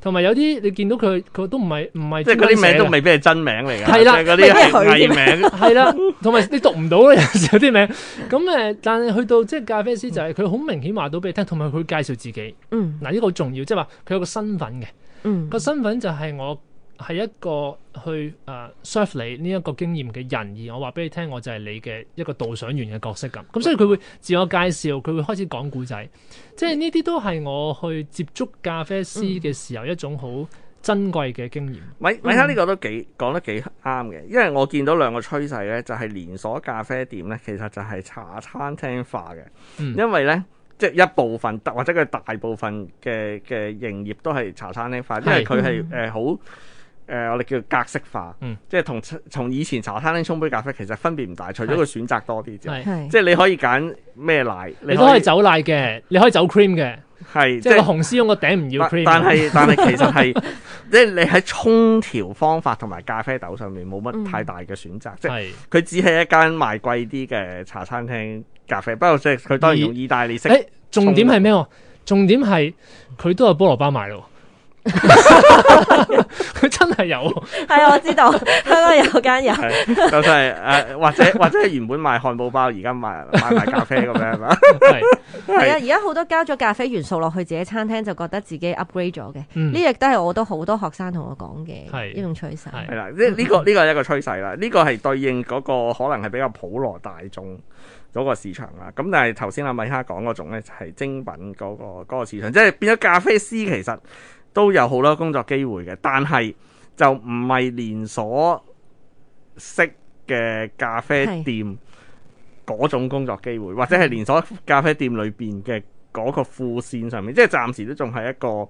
同埋有啲你見到佢，佢都唔係唔係。即係嗰啲名都未必係真名嚟嘅，係啦、啊，嗰啲藝名係啦，同埋、 啊、你讀唔到啊！有時有啲名咁誒，但係去到即係咖啡師就係佢好明顯話到俾你聽，同埋佢介紹自己。嗱呢個好重要，即係話佢有個身份嘅。嗯，個身份就係我。係一個去誒 serve 你呢一個經驗嘅人，而我話俾你聽，我就係你嘅一個導賞員嘅角色咁。咁、嗯、 所以佢會自我介紹，佢會開始講故仔，即係呢啲都係我去接觸咖啡師嘅時候一種好珍貴嘅經驗。米哈呢個都幾講得幾啱嘅，因為我見到兩個趨勢咧，就係、是、連鎖咖啡店咧，其實就係茶餐廳化嘅，嗯、因為咧即係一部分或者佢大部分嘅嘅營業都係茶餐廳化，因為佢係誒好。嗯嗯嗯嗯嗯誒，我哋叫格式化，即係同從以前茶餐廳沖杯咖啡，其實分別唔大，除咗佢選擇多啲啫。係，即係你可以揀咩奶，你都可以走奶嘅，你可以走 cream 嘅。係，即係紅絲絨個頂唔要 cream。但係，但係其實係，即係你喺沖調方法同埋咖啡豆上面冇乜太大嘅選擇。即係佢只係一間賣貴啲嘅茶餐廳咖啡，不過即係佢當然用意大利式。誒，重點係咩？重點係佢都有菠蘿包賣咯。佢 真係的有，係 我知道，香港有間有， 就係、是、誒、啊，或者或者係原本賣漢堡包，而家賣賣賣咖啡咁樣係嘛？係啊 是，而家好多加咗咖啡元素落去自己餐廳，就覺得自己 upgrade 咗嘅。呢亦都係我都好多學生同我講嘅，係一種趨勢。係啦，呢呢個呢個係一個趨勢啦，呢個係對應嗰個可能係比較普羅大眾嗰個市場啦。咁但係頭先阿米哈講嗰種咧，就係精品嗰個嗰個市場，即係變咗咖啡師其實都有好多工作機會嘅，但係就唔係連鎖式嘅咖啡店嗰種工作機會，是或者係連鎖咖啡店裏邊嘅嗰個副線上面，即係暫時都仲係一個。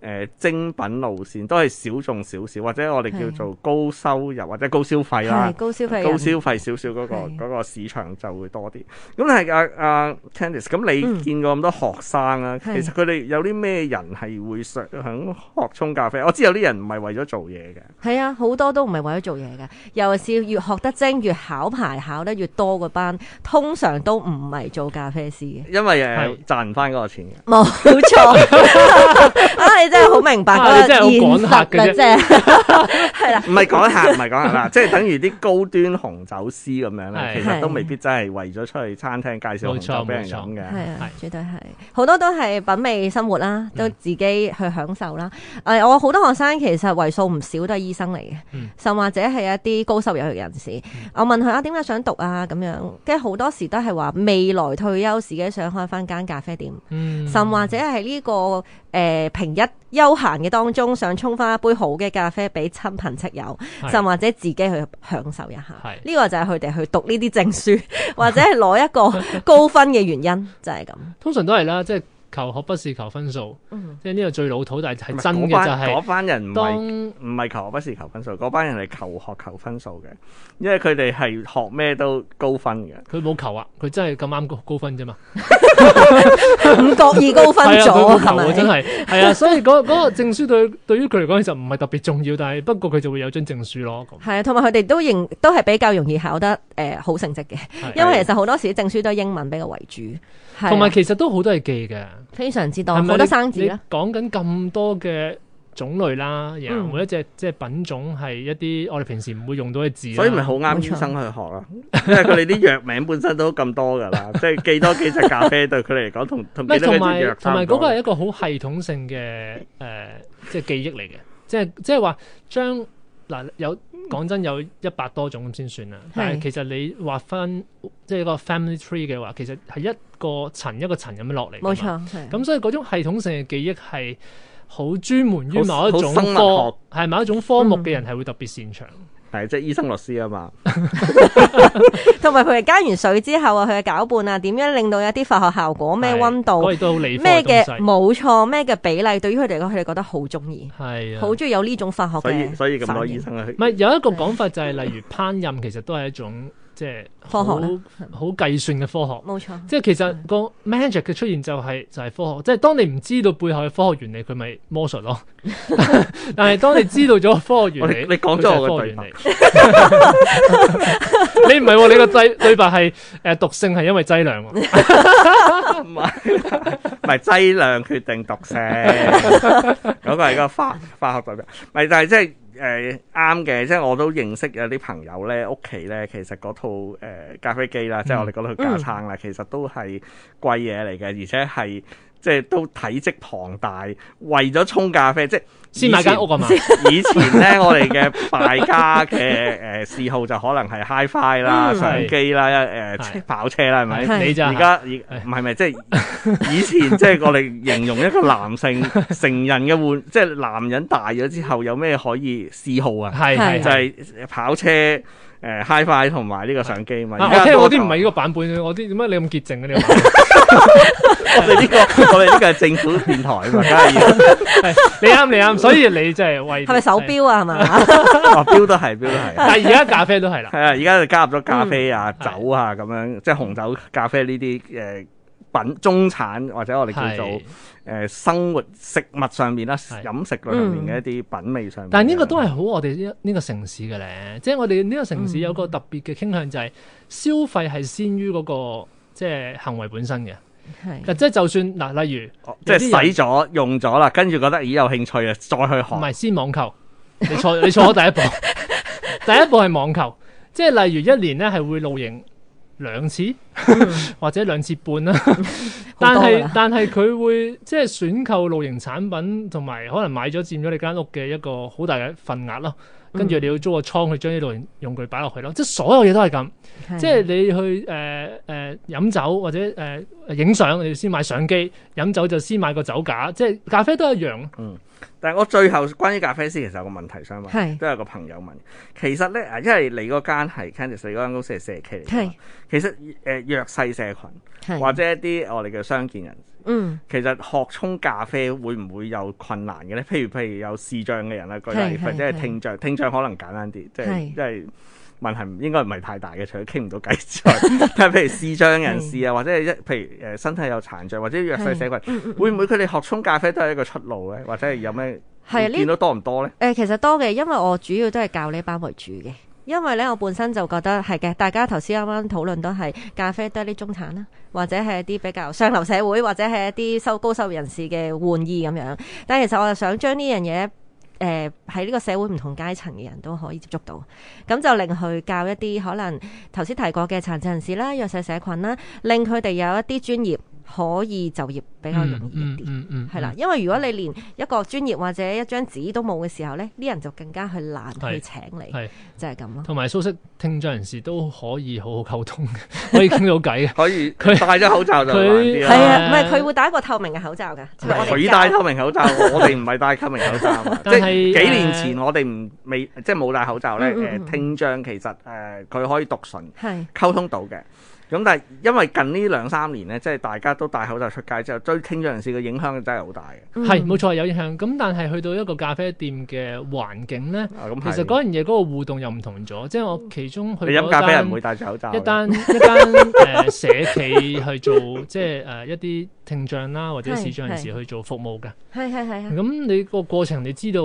誒、啊，精品路線都係少眾少少，或者我哋叫做高收入是或者高消費啦，高消費，高消費少少嗰個是個市場就會多啲。咁係阿、啊、阿、啊、Candice，咁你見過咁多學生啊？嗯、其實佢哋有啲咩人係會想學沖咖啡？的我知有啲人唔係為咗做嘢嘅，係啊，好多都唔係為咗做嘢嘅。尤其是越學得精，越考牌考得越多嗰班，通常都唔係做咖啡師嘅，因為誒賺唔翻嗰個錢嘅，冇錯。你真係好明白、啊，我哋真係好講客嘅啫，係啦，唔係講客，唔係講客啦，即係等於啲高端紅酒師咁樣啦，是的 其實都未必真係為咗出去餐廳介紹紅酒俾人飲嘅，係啊，絕對係好多都係品味生活啦，都自己去享受啦。誒、嗯哎，我好多學生其實為數唔少都係醫生嚟嘅，嗯、甚或者係一啲高收入人士。嗯、我問佢啊，點解想讀啊？咁樣，跟住好多時都係話未來退休時嘅想開翻間咖啡店，嗯、甚或者係呢個誒、呃、平一。悠閒嘅當中，想沖翻一杯好嘅咖啡俾親朋戚友，是的 甚至或者自己去享受一下。呢個就係佢哋去讀呢啲證書，是的 或者係攞一個高分嘅原因，就係、是、咁。 通常都係啦，即係。求學不是求分數，即係呢個最老土，但係真嘅就係。嗰班人唔係求學，不是求分數。嗰班人係求學求分數嘅，因為佢哋係學咩都高分嘅。佢冇求啊，佢真係咁啱高分啫嘛，唔覺意高分咗係咪啊？真係係啊，所以嗰嗰個證書對對於佢嚟講就唔係特別重要，但係不過佢就會有張證書咯。係啊，同埋佢哋都認都係比較容易考得誒好成績嘅，因為其實好多時啲證書都係英文比較為主，同埋其實都好多係記嘅。非常之多好多生字啦！你講緊咁多嘅種類啦，然後每一隻即係品種係一啲我哋平時唔會用到嘅字，嗯、所以咪好啱醫生去學咯。 因為佢哋啲藥名本身都咁多噶啦， 即係記多幾隻咖啡對佢嚟講同同。同埋同埋嗰個係一個好系統性嘅誒、 呃，即係記憶嚟嘅，即係即係話將嗱有。講真，有一百多種咁先算啦。但係其實你畫翻即係個 family tree 嘅話，其實係一個層一個層咁樣落嚟。冇錯，咁所以嗰種系統性嘅記憶係好專門於某一種科，係某一種科目嘅人係會特別擅長。嗯係，即係醫生律師啊嘛，同埋佢哋加完水之後啊，佢嘅攪拌啊，點樣令到有啲化學效果？咩溫度？我哋都好理咩嘅，冇錯，咩嘅比例？對於佢嚟講，佢哋覺得好中意，係啊的，好中意有呢種化學嘅反應。所以，所以咁多醫生啊，唔係應有一個講法就係，例如烹飪其實都係一種。 即係科學好計算嘅科學。冇錯錯，即係其實個 magic 嘅出現就係、是、就係、是、科學。即係當你唔知道背後嘅科學原理，佢咪魔術咯。 但係當你知道咗科學原理，我你講咗個科學原理， 你唔係、啊、你個劑對白係誒、呃、毒性係因為劑量、啊。唔係唔係劑量決定毒性，嗰 個係個化化學代表。唔係但係即係。誒啱嘅，即係我都認識有啲朋友咧，屋企咧其實嗰套誒咖啡機啦，即係我哋嗰套架撐啦，其實都係貴嘢嚟嘅，而且係。即係都體積龐大，為咗沖咖啡，即係先買間屋啊嘛！以前咧， 我哋嘅敗家嘅誒嗜好就可能係 HiFi 啦、相、 嗯、是機啦、一、呃、跑車啦，係咪？ 你就而家唔係咪？即係以前 即係我哋形容一個男性成人嘅換，即係男人大咗之後有咩可以嗜好啊？係係 就係、是、跑車。誒，HiFi 同埋呢個相機嘛，而家即係我啲唔係呢個版本，我啲點解你咁潔淨嘅呢？我哋呢個，我哋呢個係政府電台嘛，梗係要。你啱，你啱，所以你真係為。係咪手錶啊？係嘛？錶都係，錶都係，但係而家咖啡都係啦。係啊，而家就加入咗咖啡啊、酒啊咁樣，即係紅酒、咖啡呢啲誒。品中產或者我哋叫做誒生活食物上面啦，飲是食上面嘅一啲品味上面、嗯，但係呢個都係好我哋呢呢個城市嘅咧，嗯、即係我哋呢個城市有個特別嘅傾向就係消費係先於嗰個即係行為本身嘅，係的，即係就算嗱，例如即係使咗用咗啦，跟住覺得咦有興趣啊，再去學，唔係先網球 ，你錯你錯咗第一步， 第一步係網球，即係例如一年咧係會露營。兩次 或者兩次半啦， 但係是 了但係佢會即係選購露營產品，同埋可能買咗佔咗你間屋嘅一個好大嘅份額咯。跟住、嗯、你要租個倉去將啲露營用具擺落去咯。即係所有嘢都係咁，的即係你去誒誒、呃呃、飲酒或者誒影、呃、相，你先買相機；飲酒就先買個酒架。即係咖啡都一樣。嗯但係我最後關於咖啡師其實有個問題想問，都是有個朋友問。其實咧啊，因為你嗰間係 Candice 嗰間公司係社企嚟嘅。係是其實誒、呃、弱勢社羣是或者一啲我哋嘅傷健人士。嗯，其實學沖咖啡會唔會有困難嘅咧？譬如譬如有視障嘅人啦，或者係聽障，聽障可能簡單啲，即係即係。問題應該唔係太大嘅，除咗傾唔到偈之外， 但係 是譬如視障人士啊，或者係一譬如誒身體有殘障或者弱勢社群，是會唔會佢哋學沖咖啡都係一個出路咧？或者係有咩的見到多唔多咧？誒，其實多嘅，因為我主要都係教呢班為主嘅，因為咧我本身就覺得係嘅。大家頭先啱啱討論都係咖啡都係啲中產啦，或者係一啲比較上流社會，或者係一啲收高收入人士嘅玩意咁樣。但係其實我就想將呢樣嘢。誒喺呢個社會唔同階層嘅人都可以接觸到，咁就令佢教一啲可能頭先提過嘅殘疾人士啦、弱勢社群啦，令佢哋有一啲專業。可以就業比較容易啲，係啦，因為如果你連一個專業或者一張紙都冇嘅時候咧，啲人就更加去難去請你，就係咁咯。同埋蘇奭，聽障人士都可以好好溝通嘅，可以傾到偈，可以佢戴咗口罩就難啲啊。係啊，唔係佢會戴一個透明嘅口罩㗎。佢戴透明口罩，我哋唔係戴透明口罩。即係幾年前我哋唔未即係冇戴口罩咧，誒聽障其實誒佢可以讀唇溝通到嘅。咁但係因為近呢兩三年咧，即係大家都戴口罩出街之後，追聽障人士嘅影響真係好大嘅。係冇錯，有影響。咁但係去到一個咖啡店嘅環境咧，其實嗰樣嘢嗰個互動又唔同咗。啊嗯、即係我其中去咗飲咖啡，人唔會戴住口罩。一單一單一單誒社企去做，即係誒一啲聽障啦或者視障人士去做服務嘅。係係係啊。咁你個過程你知道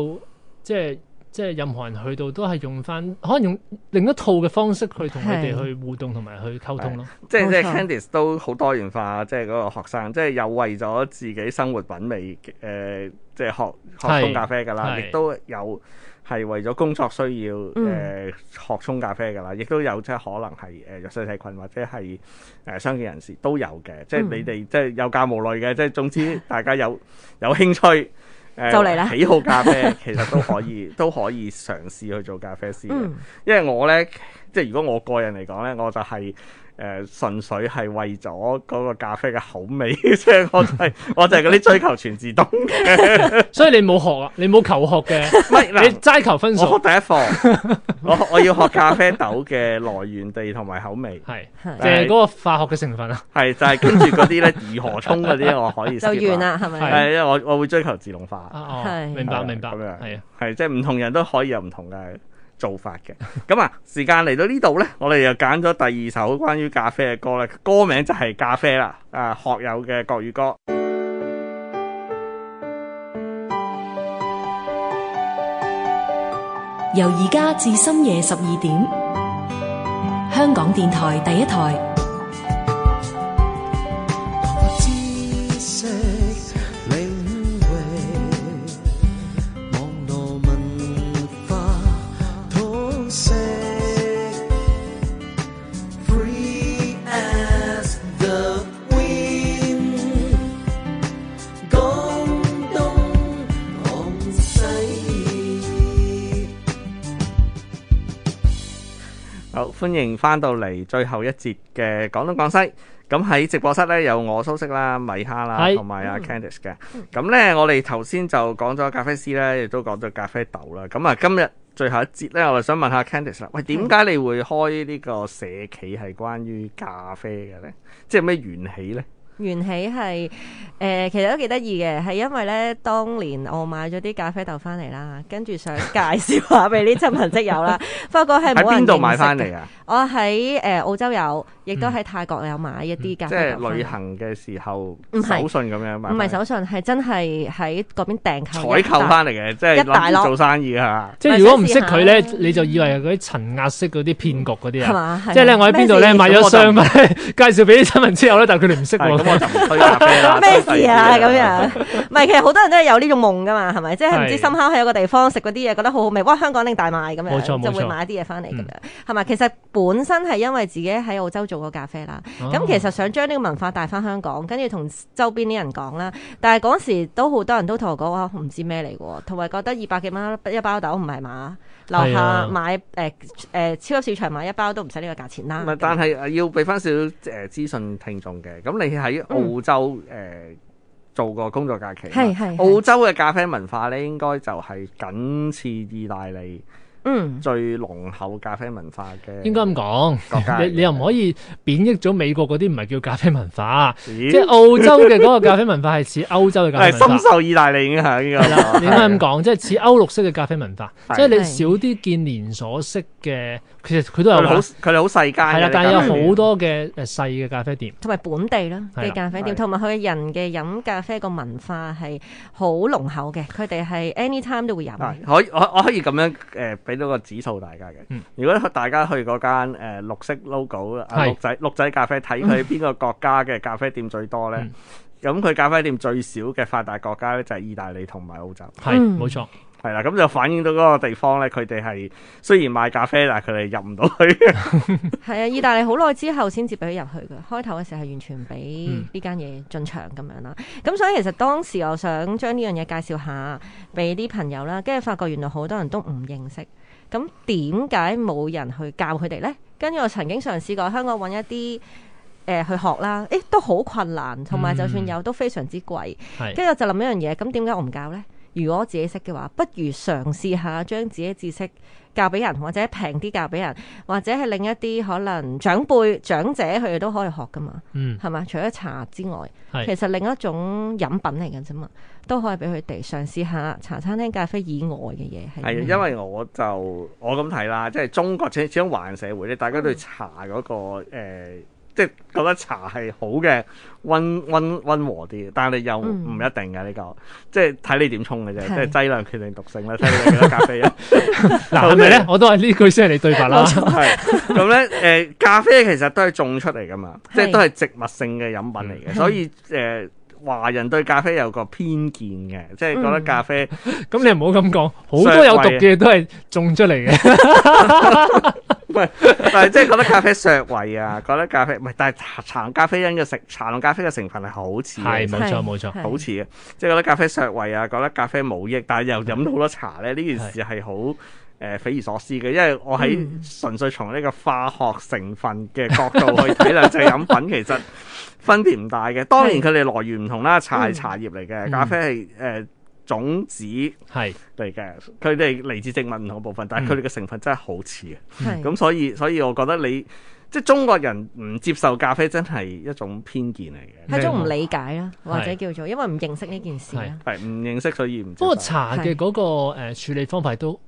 即係。即係任何人去到都係用翻，可能用另一套嘅方式去同佢哋去互動同埋去溝通咯。即係即係，Candice 像都好多元化，即係嗰個學生，即係有為咗自己生活品味誒、呃，即係學學沖咖啡㗎啦，亦都有係為咗工作需要誒、呃、學沖咖啡㗎啦，亦都有即係可能係弱勢社群或者係誒商業人士都有嘅。即係你哋、嗯、即係有教無類嘅，即係總之大家有有興趣。就嚟啦！喜好咖啡，其實都可以， 都可以嘗試去做咖啡師。因為我呢，即係如果我個人嚟講呢，我就係、是。誒，純粹係為咗嗰個咖啡嘅口味，即係我係我就係嗰啲追求全自動嘅，所以你冇學啊，你冇求學嘅，係你齋求分數。我學第一課，我我要學咖啡豆嘅來源地同埋口味，係即係嗰個化學嘅成分啊，係就係跟住嗰啲咧如何沖嗰啲，我可以就完啦，係咪？係因為我我會追求自動化，係明白明白咁樣，係啊，係即係唔同人都可以有唔同嘅。做法嘅，咁啊，時間嚟到呢度呢，我哋又揀咗第二首關於咖啡嘅歌喇，歌名就係《咖啡》啦，啊，學友嘅國語歌。由而家至深夜十二點，香港電台第一台。歡迎翻到嚟最後一節嘅講東講西，咁喺直播室呢，有我蘇奭啦、米哈啦，同埋阿、啊、Candice 嘅。咁呢，我哋頭先就講咗咖啡師啦，亦都講咗咖啡豆啦。咁啊今日最後一節呢，我就想問下 Candice 啦，喂，點解你會開呢個社企係關於咖啡嘅呢？即係咩緣起呢？緣起係誒、呃，其實都幾得意嘅，係因為咧當年我買咗啲咖啡豆翻嚟啦，跟住想介紹下俾親朋戚友啦。不過係冇喺邊度買翻嚟啊？我喺誒、呃、澳洲有。亦都喺泰國有買一啲㗎，即係旅行嘅時候手信咁樣買。唔係手信，係真係喺嗰邊訂購、採購翻嚟嘅，即係落邊做生意啊！即係如果唔識佢咧，你就以為係嗰啲層壓式嗰啲騙局嗰啲啊！即係咧，我喺邊度咧買咗商品，介紹俾啲新聞之後咧，但係佢哋唔識喎，咁我就唔可以答佢啦。咩事啊？咁樣唔係，其實好多人都係有呢種夢噶嘛，係咪？即係唔知深烤喺一個地方食嗰啲嘢，覺得好好味，哇！香港一定大賣咁樣，冇錯，就會買啲嘢翻嚟咁樣，係咪？其實本身係因為自己喺澳洲，做過咖啡啦，咁、嗯嗯、其實想將呢個文化帶翻香港，跟住同周邊啲人講啦。但係嗰時都好多人都同我講話唔知咩嚟嘅，同埋覺得二百幾蚊一包豆唔係嘛？樓下買誒誒、啊呃、超級市場買一包都唔使呢個價錢啦。唔係，但係要畀翻少少誒資訊聽眾嘅。咁你喺澳洲誒、嗯呃、做過工作假期，係係澳洲嘅咖啡文化咧，應該就係僅次意大利。嗯，最濃厚咖啡文化嘅，應該咁講。你你又唔可以貶抑咗美國嗰啲唔係叫咖啡文化，咦即係澳洲嘅嗰個咖啡文化係似歐洲嘅，咖啡文化係深受意大利影響㗎。應該咁講，即係似歐陸式嘅咖啡文化，即係 你少啲見連鎖式嘅。其實佢都有好，佢哋好世界嘅，但係有好多嘅誒細嘅的咖啡店，同埋本地咯嘅咖啡店，同埋佢人嘅飲咖啡個文化係好濃厚嘅。佢哋係 anytime 都會飲。可以我我可以咁樣誒俾到個指數大家嘅。如果大家去嗰間誒綠色 logo、嗯、啊，綠仔綠仔咖啡睇佢邊個國家嘅咖啡店最多咧，咁佢、嗯嗯、咖啡店最少嘅發達國家咧就係意大利同埋澳洲。係的，冇、嗯、錯。係啦，咁就反映到嗰個地方咧，佢哋係雖然賣咖啡，但係佢哋入唔到去。係啊，意大利好耐之後先至俾佢入去嘅，開頭嘅時候係完全唔俾呢間嘢進場咁樣啦。咁、嗯、所以其實當時我想將呢樣嘢介紹下俾啲朋友啦，跟住發覺原來好多人都唔認識。咁點解冇人去教佢哋咧？跟住我曾經嘗試過香港揾一啲誒、呃、去學啦，誒、欸、都好困難，同埋就算有都非常之貴。跟住、嗯、我就諗一樣嘢，咁點解我唔教咧？如果自己識嘅話，不如嘗試下將自己知識教俾人，或者平啲教俾人，或者係另一啲可能長輩長者佢哋都可以學㗎嘛。嗯，係嘛？除咗茶之外，是其實另一種飲品嚟嘅啫嘛，都可以俾佢哋嘗試下茶餐廳咖啡以外嘅嘢係。係的、嗯、因為我就我咁睇啦，即、就、係、是、中國始始終華人社會咧，大家都茶嗰、那個、呃即係覺得茶係好嘅，溫溫溫和啲，但你又唔一定嘅呢、嗯呢個，即係睇你點沖嘅啫，嗯、即係劑量決定毒性啦，睇 你幾多咖啡因。嗱係咪咧？我都係呢句先係你對白啦。係咁咧，誒、嗯、咖啡其實都係種出嚟㗎嘛，即係都係植物性嘅飲品嚟嘅，所以誒、呃、華人對咖啡有個偏見嘅，即係覺得咖啡。咁、嗯、你唔好咁講，好多有毒嘅都係種出嚟嘅。 唔係，但係即係覺得咖啡削胃啊，覺得咖啡唔係，但係茶咖啡因嘅成茶同咖啡嘅成分係好似，係冇錯冇錯，好似嘅，即係覺得咖啡削胃啊，覺得咖啡冇益，但係又飲到好多茶咧，呢件事係好誒匪夷所思嘅，因為我喺純粹從呢個化學成分嘅角度去睇兩隻飲品，其實分別唔大嘅。當然佢哋來源唔同啦，茶係茶葉嚟嘅，咖啡係誒。種子係嚟嘅，佢哋嚟自植物唔同部分，但係佢哋嘅成分真係好似嘅，咁所以所以，所以我覺得你即係中國人唔接受咖啡，真係一種偏見嚟嘅，係一種唔理解啊，或者叫做是因為唔認識呢件事啦，係唔認識所以唔不，不過茶嘅嗰個誒處理方法都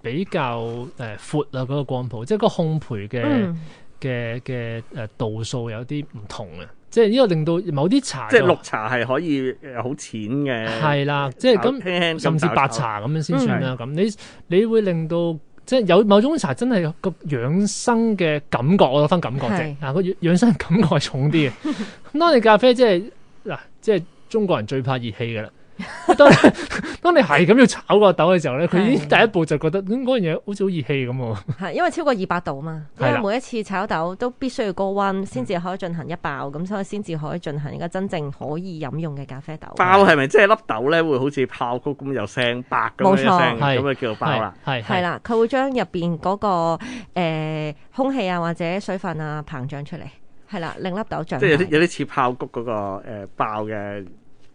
比較誒闊啦，嗰是個光譜，即係個烘焙嘅嘅嘅誒度數有啲唔同啊。即係呢個令到某啲茶，即係綠茶係可以誒好淺嘅。係啦，即係咁，嗯、甚至白茶咁樣先算啦。咁是的 你你會令到即係有某種茶真係有個養生嘅感覺，我分感覺啫。是的 啊，個養生感覺係重啲嘅。咁 當你咖啡即係嗱，即、啊、係、即係、中國人最怕熱氣㗎啦。當 當你係咁要炒個豆嘅時候咧，佢已經第一步就覺得咁嗰樣嘢好似好熱氣咁喎。係因為超過二百度嘛，係啦。每一次炒豆都必須要高温先至可以進行一爆，咁、嗯、所以先至可以進行一個真正可以飲用嘅咖啡豆。爆係咪即係粒豆咧會好似爆谷咁有聲白咁？冇錯，咁啊錯叫做爆啦。係係啦，佢會將入邊嗰個誒、呃、空氣啊或者水分啊膨脹出嚟，係啦，令粒豆脹的。即係有啲有啲似爆谷嗰，那個誒爆嘅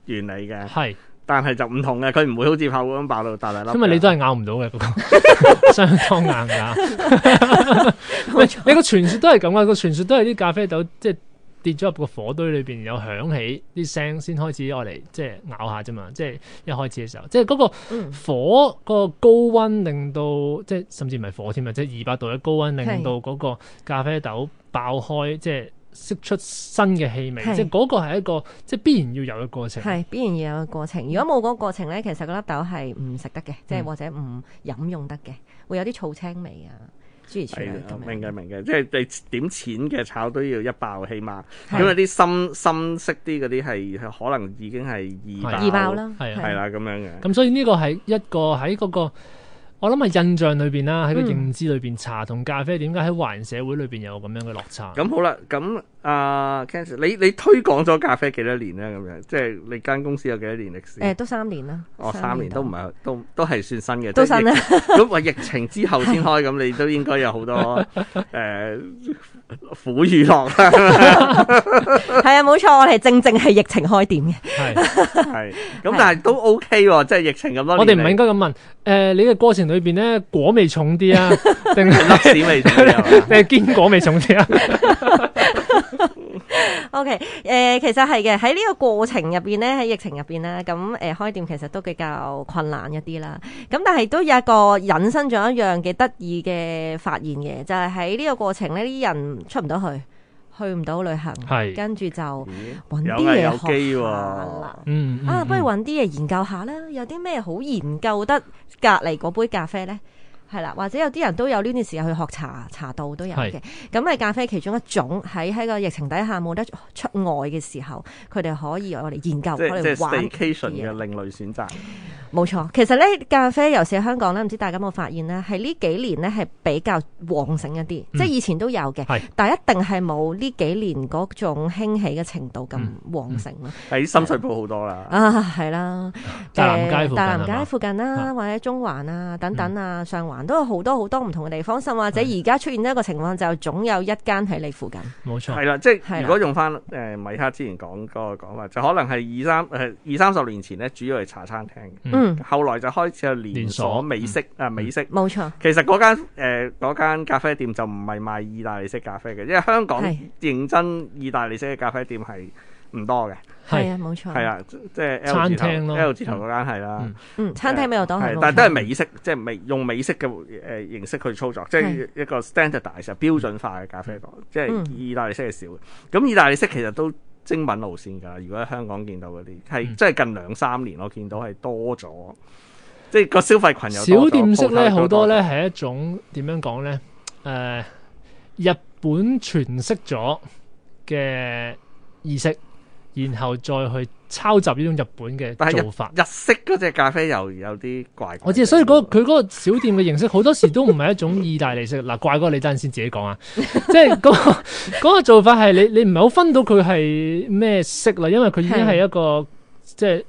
原理嘅，係。但係就唔同嘅，佢唔會好似炮灰咁爆到大大粒。因為你都係咬唔到嘅， 相當硬噶。你個傳説都係咁啊！個傳説都係啲咖啡豆即係跌咗入個火堆裏邊有響起啲聲先開始我嚟即係咬下啫嘛！即係一開始嘅時候，即係嗰個火，個高温令到即係甚至唔係火添啊！即係二百度嘅高温令到嗰個咖啡豆爆開，即係。釋出新嘅氣味，即係嗰個係一個即係必然要有嘅過程，係必然要有嘅過程。如果冇嗰個過程咧，其實粒豆係唔食得嘅，即係、嗯、或者唔飲用得嘅，會有啲醋青味啊，諸如此類咁的樣明嘅明嘅，即係你點淺嘅炒都要一爆起碼，起碼的因為啲深深色啲嗰啲係可能已經係二爆的二爆啦，係啦咁樣嘅。咁所以呢個係一個喺嗰、嗰個。我諗係印象裏邊啦，喺個認知裏邊，茶同咖啡點解喺華人社會裏邊有咁樣嘅落差？咁、嗯、好啦，咁。啊 Candice 你你推廣咗咖啡幾多年咧？咁樣，即係你間公司有幾多年歷史？誒，都三年啦。哦，三年都唔係，都都係算新嘅。都新啦。咁話疫情之後先開，咁你都應該有好多誒苦與樂。係啊，冇錯，我哋正正係疫情開店嘅。係。咁但係都 OK 喎，即係疫情咁多。我哋唔係應該咁問。誒，你嘅過程裏邊咧，果味重啲啊，定歷史味重啲啊？定堅果味重啲啊？O K，誒，其實係嘅，喺呢個過程入邊咧，喺疫情入邊咧，咁、呃、誒開店其實都比較困難一啲啦。咁但係都有一個引申咗一樣嘅得意嘅發現嘅，就係喺呢個過程呢，啲人出唔到去，去唔到旅行，係，跟住就搵啲嘢學下啦。嗯，嗯嗯啊，不如搵啲嘢研究下啦，有啲咩好研究得隔籬嗰杯咖啡咧？係啦，或者有啲人都有呢段時間去學茶，茶道都有嘅。咁係是咖啡其中一種喺喺個疫情底下冇得出外嘅時候，佢哋可以我哋研究，我哋是玩嘅嘢。冇錯，其實咧咖啡尤其係香港咧，唔知大家有冇發現咧，係呢幾年咧係比較旺盛一啲，嗯、即係以前都有嘅，是但係一定係冇呢幾年嗰種興起嘅程度咁旺盛咯。喺、嗯嗯、深水埗好多啦，啊係啦，啊啊、大南街附近啦，啊、或者中環啊、嗯、等等啊、上環都有好多好多唔同嘅地方，甚或者而家出現一個情況就總有一間喺你附近。冇錯、嗯，係、嗯、啦、啊，即係如果用翻誒、呃、米哈之前講嗰個講法，就可能係二三誒二三十年前咧，主要係茶餐廳。嗯嗯，後來就開始有連鎖美式啊，美式冇錯。其實嗰間誒嗰間咖啡店就唔係賣意大利式咖啡嘅，因為香港認真意大利式嘅咖啡店係唔多嘅。係啊，冇錯。係啊，即係 L 字頭 L 字頭嗰間係啦。嗯，餐廳比較多。係，但係都係美式，即係美用美式嘅誒形式去操作，即係一個 standardize，就標準化嘅咖啡房，即係意大利式嘅少。咁意大利式其實都。精品路線㗎，如果喺香港見到嗰啲係，即係、嗯、近兩三年我見到係多咗，即係個消費群有少少。小店式咧，好多咧係一種點樣講咧？誒、呃，日本詮釋咗嘅意識，然後再去。抄襲呢種日本嘅做法，日，日式嗰隻咖啡又有啲怪，怪。我知，所以佢、那、嗰、個、 個小店嘅形式好多時都唔係一種意大利式。嗱， 怪哥，你等陣先自己講啊， 即係、那、嗰、個那個做法係你你唔係好分到佢係咩式啦，因為佢已經係一個的即係。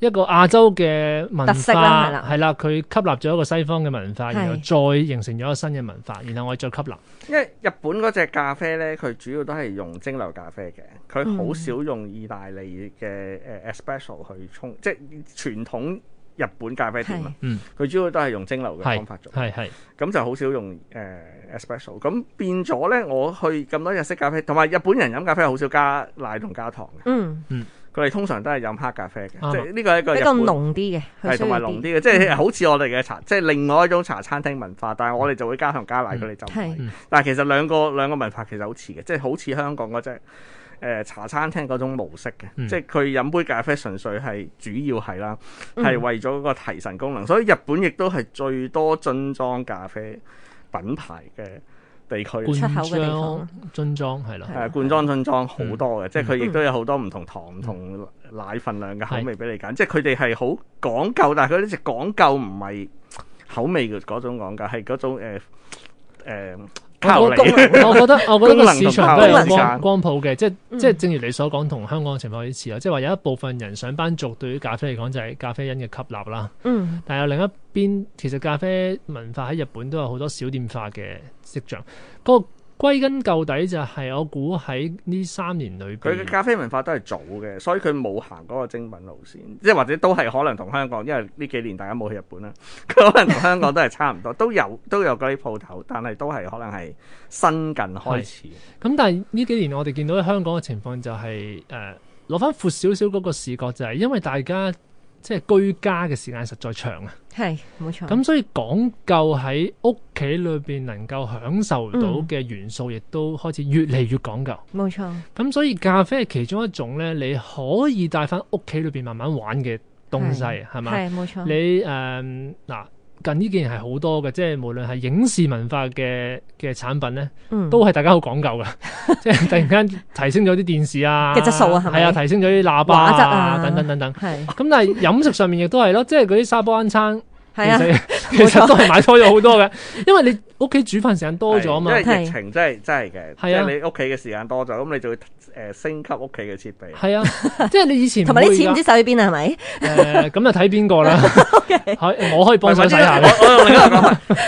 一個亞洲嘅文化係啦，佢吸納咗一個西方嘅文，的文化，然後再形成咗一個新嘅文化，然後我再吸納。因為日本嗰隻咖啡呢，佢主要都係用蒸餾咖啡嘅，佢好少用意大利嘅誒、呃、espresso 去沖，嗯、即係傳統日本咖啡店。嗯的，佢主要都係用蒸餾嘅方法做，係係。咁就好少用誒 espresso。咁、呃、es 變咗呢，我去咁多日式咖啡，同埋日本人飲咖啡好少加奶同加糖嘅。嗯嗯。嗯佢哋通常都係飲黑咖啡嘅，即係呢個係一個比較濃啲嘅，係同埋濃啲嘅，即係好似我哋嘅茶，即係另外一種茶餐廳文化。但係我哋就會加強加奶，佢哋就唔係。但係其實兩個兩個文化其實好似嘅，即係好似香港嗰隻誒茶餐廳嗰種模式嘅，即係佢飲杯咖啡純粹係主要係啦，係為咗個提神功能。所以日本亦都係最多樽裝咖啡品牌嘅。地區出口嘅地方，樽裝係咯，係罐裝樽裝好多嘅。嗯、即係佢亦都有好多唔同糖、嗯、同奶分量嘅口味俾你揀，嗯、即係佢哋係好講究，嗯、但係佢呢隻講究唔係口味嘅嗰種講究，係嗰種誒、呃呃呃靠我覺得， 和我覺得個市場都係光光譜嘅，即即係正如你所講，同香港嘅情況好似似啦，即係話有一部分人上班族對於咖啡嚟講就係咖啡因嘅吸納啦。嗯，但係另一邊其實咖啡文化喺日本都有好多小店化嘅跡象。嗰、那個歸根究底就係我估喺呢三年裏邊，佢嘅咖啡文化都係早嘅，所以佢冇行嗰個精品路線，即係或者都係可能同香港，因為呢幾年大家冇去日本啦，佢可能同香港都係差唔多 都，都有都有嗰啲鋪頭，但係都係可能係新近開始。咁 但係呢幾年我哋見到香港嘅情況就係、是，誒、呃，攞翻闊少少嗰個視覺就係，因為大家。即係居家嘅時間實在長啊，係冇錯。咁所以講究喺屋企裏邊能夠享受到嘅元素，亦都開始越嚟越講究。嗯，冇錯。咁所以咖啡係其中一種咧，你可以帶翻屋企裏邊慢慢玩嘅東西，係，係咪？係冇錯。你誒，嗱、呃。近呢幾年係好多嘅，即係無論係影視文化嘅嘅產品咧，嗯、都係大家好講究㗎， 即係突然間提升咗啲電視啊嘅質素啊，係啊，提升咗啲喇叭啊，啊等等等等。係咁是，但係飲食上面亦都係咯， 即係嗰啲沙煲罌罉。係啊，其實都係買錯咗好多嘅，因為你屋企煮飯時間多咗嘛。因為疫情真係真係嘅，係啊，你屋企嘅時間多咗，咁你就會誒升級屋企嘅設備。係啊，即係你以前同埋啲錢唔知使去邊啊，係咪？誒咁就睇邊個啦。我可以幫手睇下。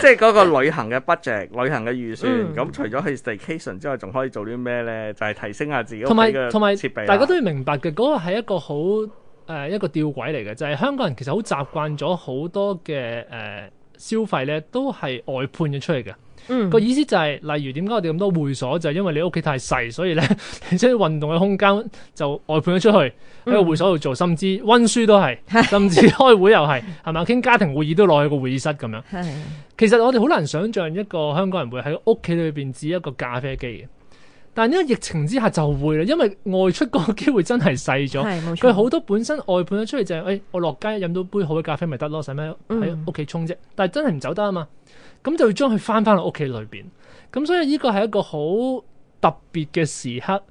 即係嗰個旅行嘅 budget，旅行嘅預算，咁除咗去 staycation 之外，仲可以做啲咩咧？就係提升下自己屋企嘅設備。大家都要明白嘅，嗰個係一個好。誒、呃、一個吊詭嚟嘅，就係、是、香港人其實好習慣咗好多嘅誒、呃、消費咧，都係外判咗出嚟嘅。個、嗯、意思就係、是，例如點解我哋咁多會所，就係、是、因為你屋企太細，所以咧即係運動嘅空間就外判咗出去喺、嗯、個會所度做，甚至温書都係，甚至開會又係，係咪？ 傾家庭會議都落去個會議室咁樣。其實我哋好難想像一個香港人會喺屋企裏邊置一個咖啡機。但呢個疫情之下就會啦，因為外出個機會真係細咗。佢好多本身外判咗出嚟就係，係冇錯，誒、哎、我落街飲到杯好嘅咖啡咪得咯，使咩喺屋企沖啫？嗯、但係真係唔走得啊嘛，咁就要將佢翻翻去屋企裏邊。咁所以呢個係一個好特別嘅時刻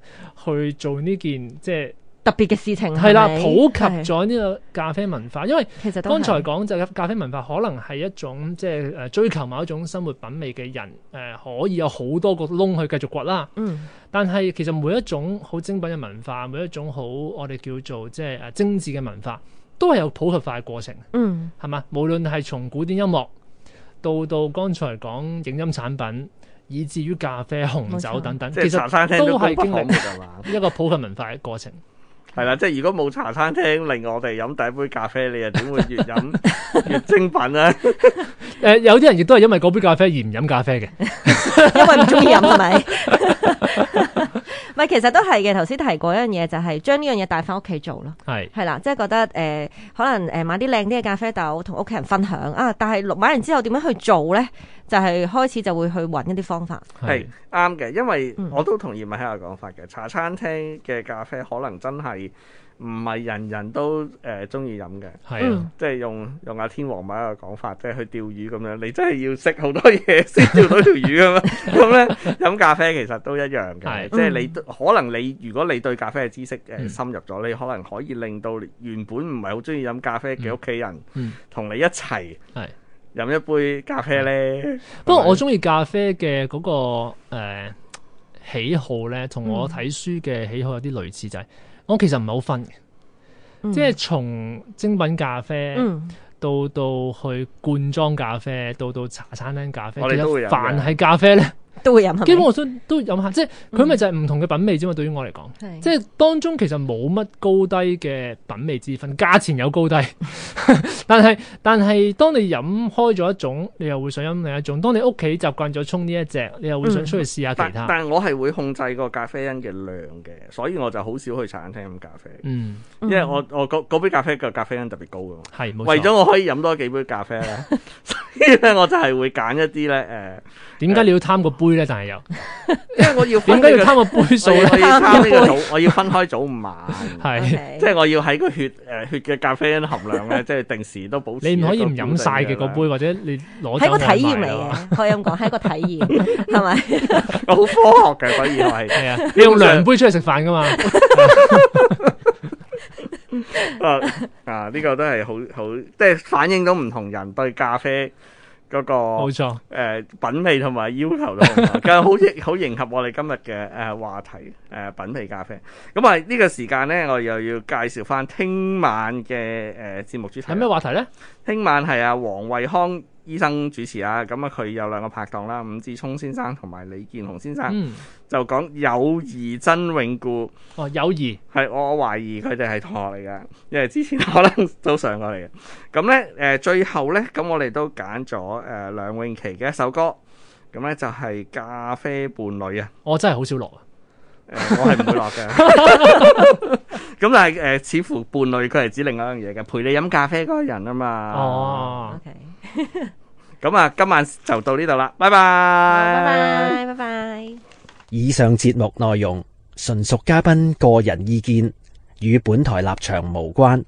去做呢件即係。就是特別嘅事情係啦，了是是普及咗呢個咖啡文化，是因為剛才講就咖啡文化可能係一種即係誒追求某一種生活品味嘅人誒，呃、可以有好多個窿去繼續掘啦。嗯，但係其實每一種好精品嘅文化，每一種好我哋叫做即係誒精緻嘅文化，都係有普及化嘅過程。嗯，係嘛？無論係從古典音樂到到剛才講影音產品，以至於咖啡、紅酒等等，錯其實都係經歷一個普及文化嘅過程。 係啦，即係如果冇茶餐廳，令我哋飲第一杯咖啡，你又點會越飲越精品咧？誒、 呃，有啲人亦都係因為嗰杯咖啡而唔飲咖啡嘅， 因為唔中意飲係咪？ 唔其實都係嘅。頭先提過一樣嘢，就係、是、將呢樣嘢帶翻屋企做咯。係係啦，即係覺得誒、呃，可能誒買啲靚啲嘅咖啡豆，同屋企人分享啊。但係買完之後點樣去做呢？就係、是、開始就會去揾一啲方法。係啱嘅，因為我都同意米哈講法嘅，茶餐廳嘅咖啡可能真係。唔係人人都誒中意飲嘅，係、啊、即係用用阿天王馬嘅講法，即係去釣魚咁樣，你真係要識好多嘢先釣到條魚咁樣。咁咧， 飲咖啡其實都一樣嘅，的即係你、嗯、可能你如果你對咖啡嘅知識誒深入咗，嗯、你可能可以令到原本唔係好中意飲咖啡嘅屋企人，同、嗯嗯、你一齊係飲一杯咖啡咧。不過的我中意咖啡嘅嗰、那個、呃、喜好咧，同我睇書嘅喜好有啲類似就係。嗯我其實唔係好分嘅，即係從精品咖啡到到去罐裝咖啡，到到茶餐廳咖啡，我哋都會有。凡係咖啡咧。都會飲下，基本我想都飲下，即係佢咪就係唔同嘅品味啫嘛。對於我嚟講，即係當中其實冇乜高低嘅品味之分，價錢有高低，但係但係當你飲開咗一種，你又會想飲另一種。當你屋企習慣咗沖呢一隻，你又會想出去試下其他。但係我係會控制個咖啡因嘅量嘅，所以我就好少去茶餐廳飲咖啡。嗯，因為我我嗰杯咖啡嘅咖啡因特別高噶嘛，係冇錯。為咗我可以飲多幾杯咖啡咧，所以咧我就係會揀一啲咧誒，點解你要貪個杯？杯咧，但係有，因為我要點解要貪個杯數咧？我要貪呢個早，我要分開早晚，係，即係我要喺個血誒血嘅咖啡因含量咧，即係定時都保持。你唔可以唔飲晒嘅嗰杯，或者你攞喺個體驗嚟嘅，可以咁講，係一個體驗，係咪？好科學嘅，所以係。係啊，你用量杯出去食飯噶嘛？啊，呢個都係好好，即係反映到唔同人對咖啡。嗰、那個誒錯、呃、品味同埋要求都，梗係好應好迎合我哋今日嘅誒話題誒、呃、品味咖啡。咁啊呢個時間咧，我又要介紹翻聽晚嘅誒、呃、節目主題。係咩話題咧？聽晚係阿黃惠康醫生主持啊，咁啊佢有兩個拍檔啦，伍志聰先生同埋李建雄先生，嗯、就講友誼真永固。哦，友誼係我懷疑佢哋係同學嚟嘅，因為之前可能都上過嚟嘅。咁呢誒最後呢，咁我哋都揀咗誒梁詠琪嘅一首歌，咁呢就係、是、咖啡伴侶啊。我真係好少落，誒 我係唔會落嘅。 咁但係誒，似乎伴侶佢係指另外一樣嘢嘅，陪你飲咖啡嗰個人啊嘛。哦、oh.，OK。咁啊，今晚就到呢度啦，拜拜。拜拜，拜拜。以上節目內容純屬嘉賓個人意見，與本台立場無關。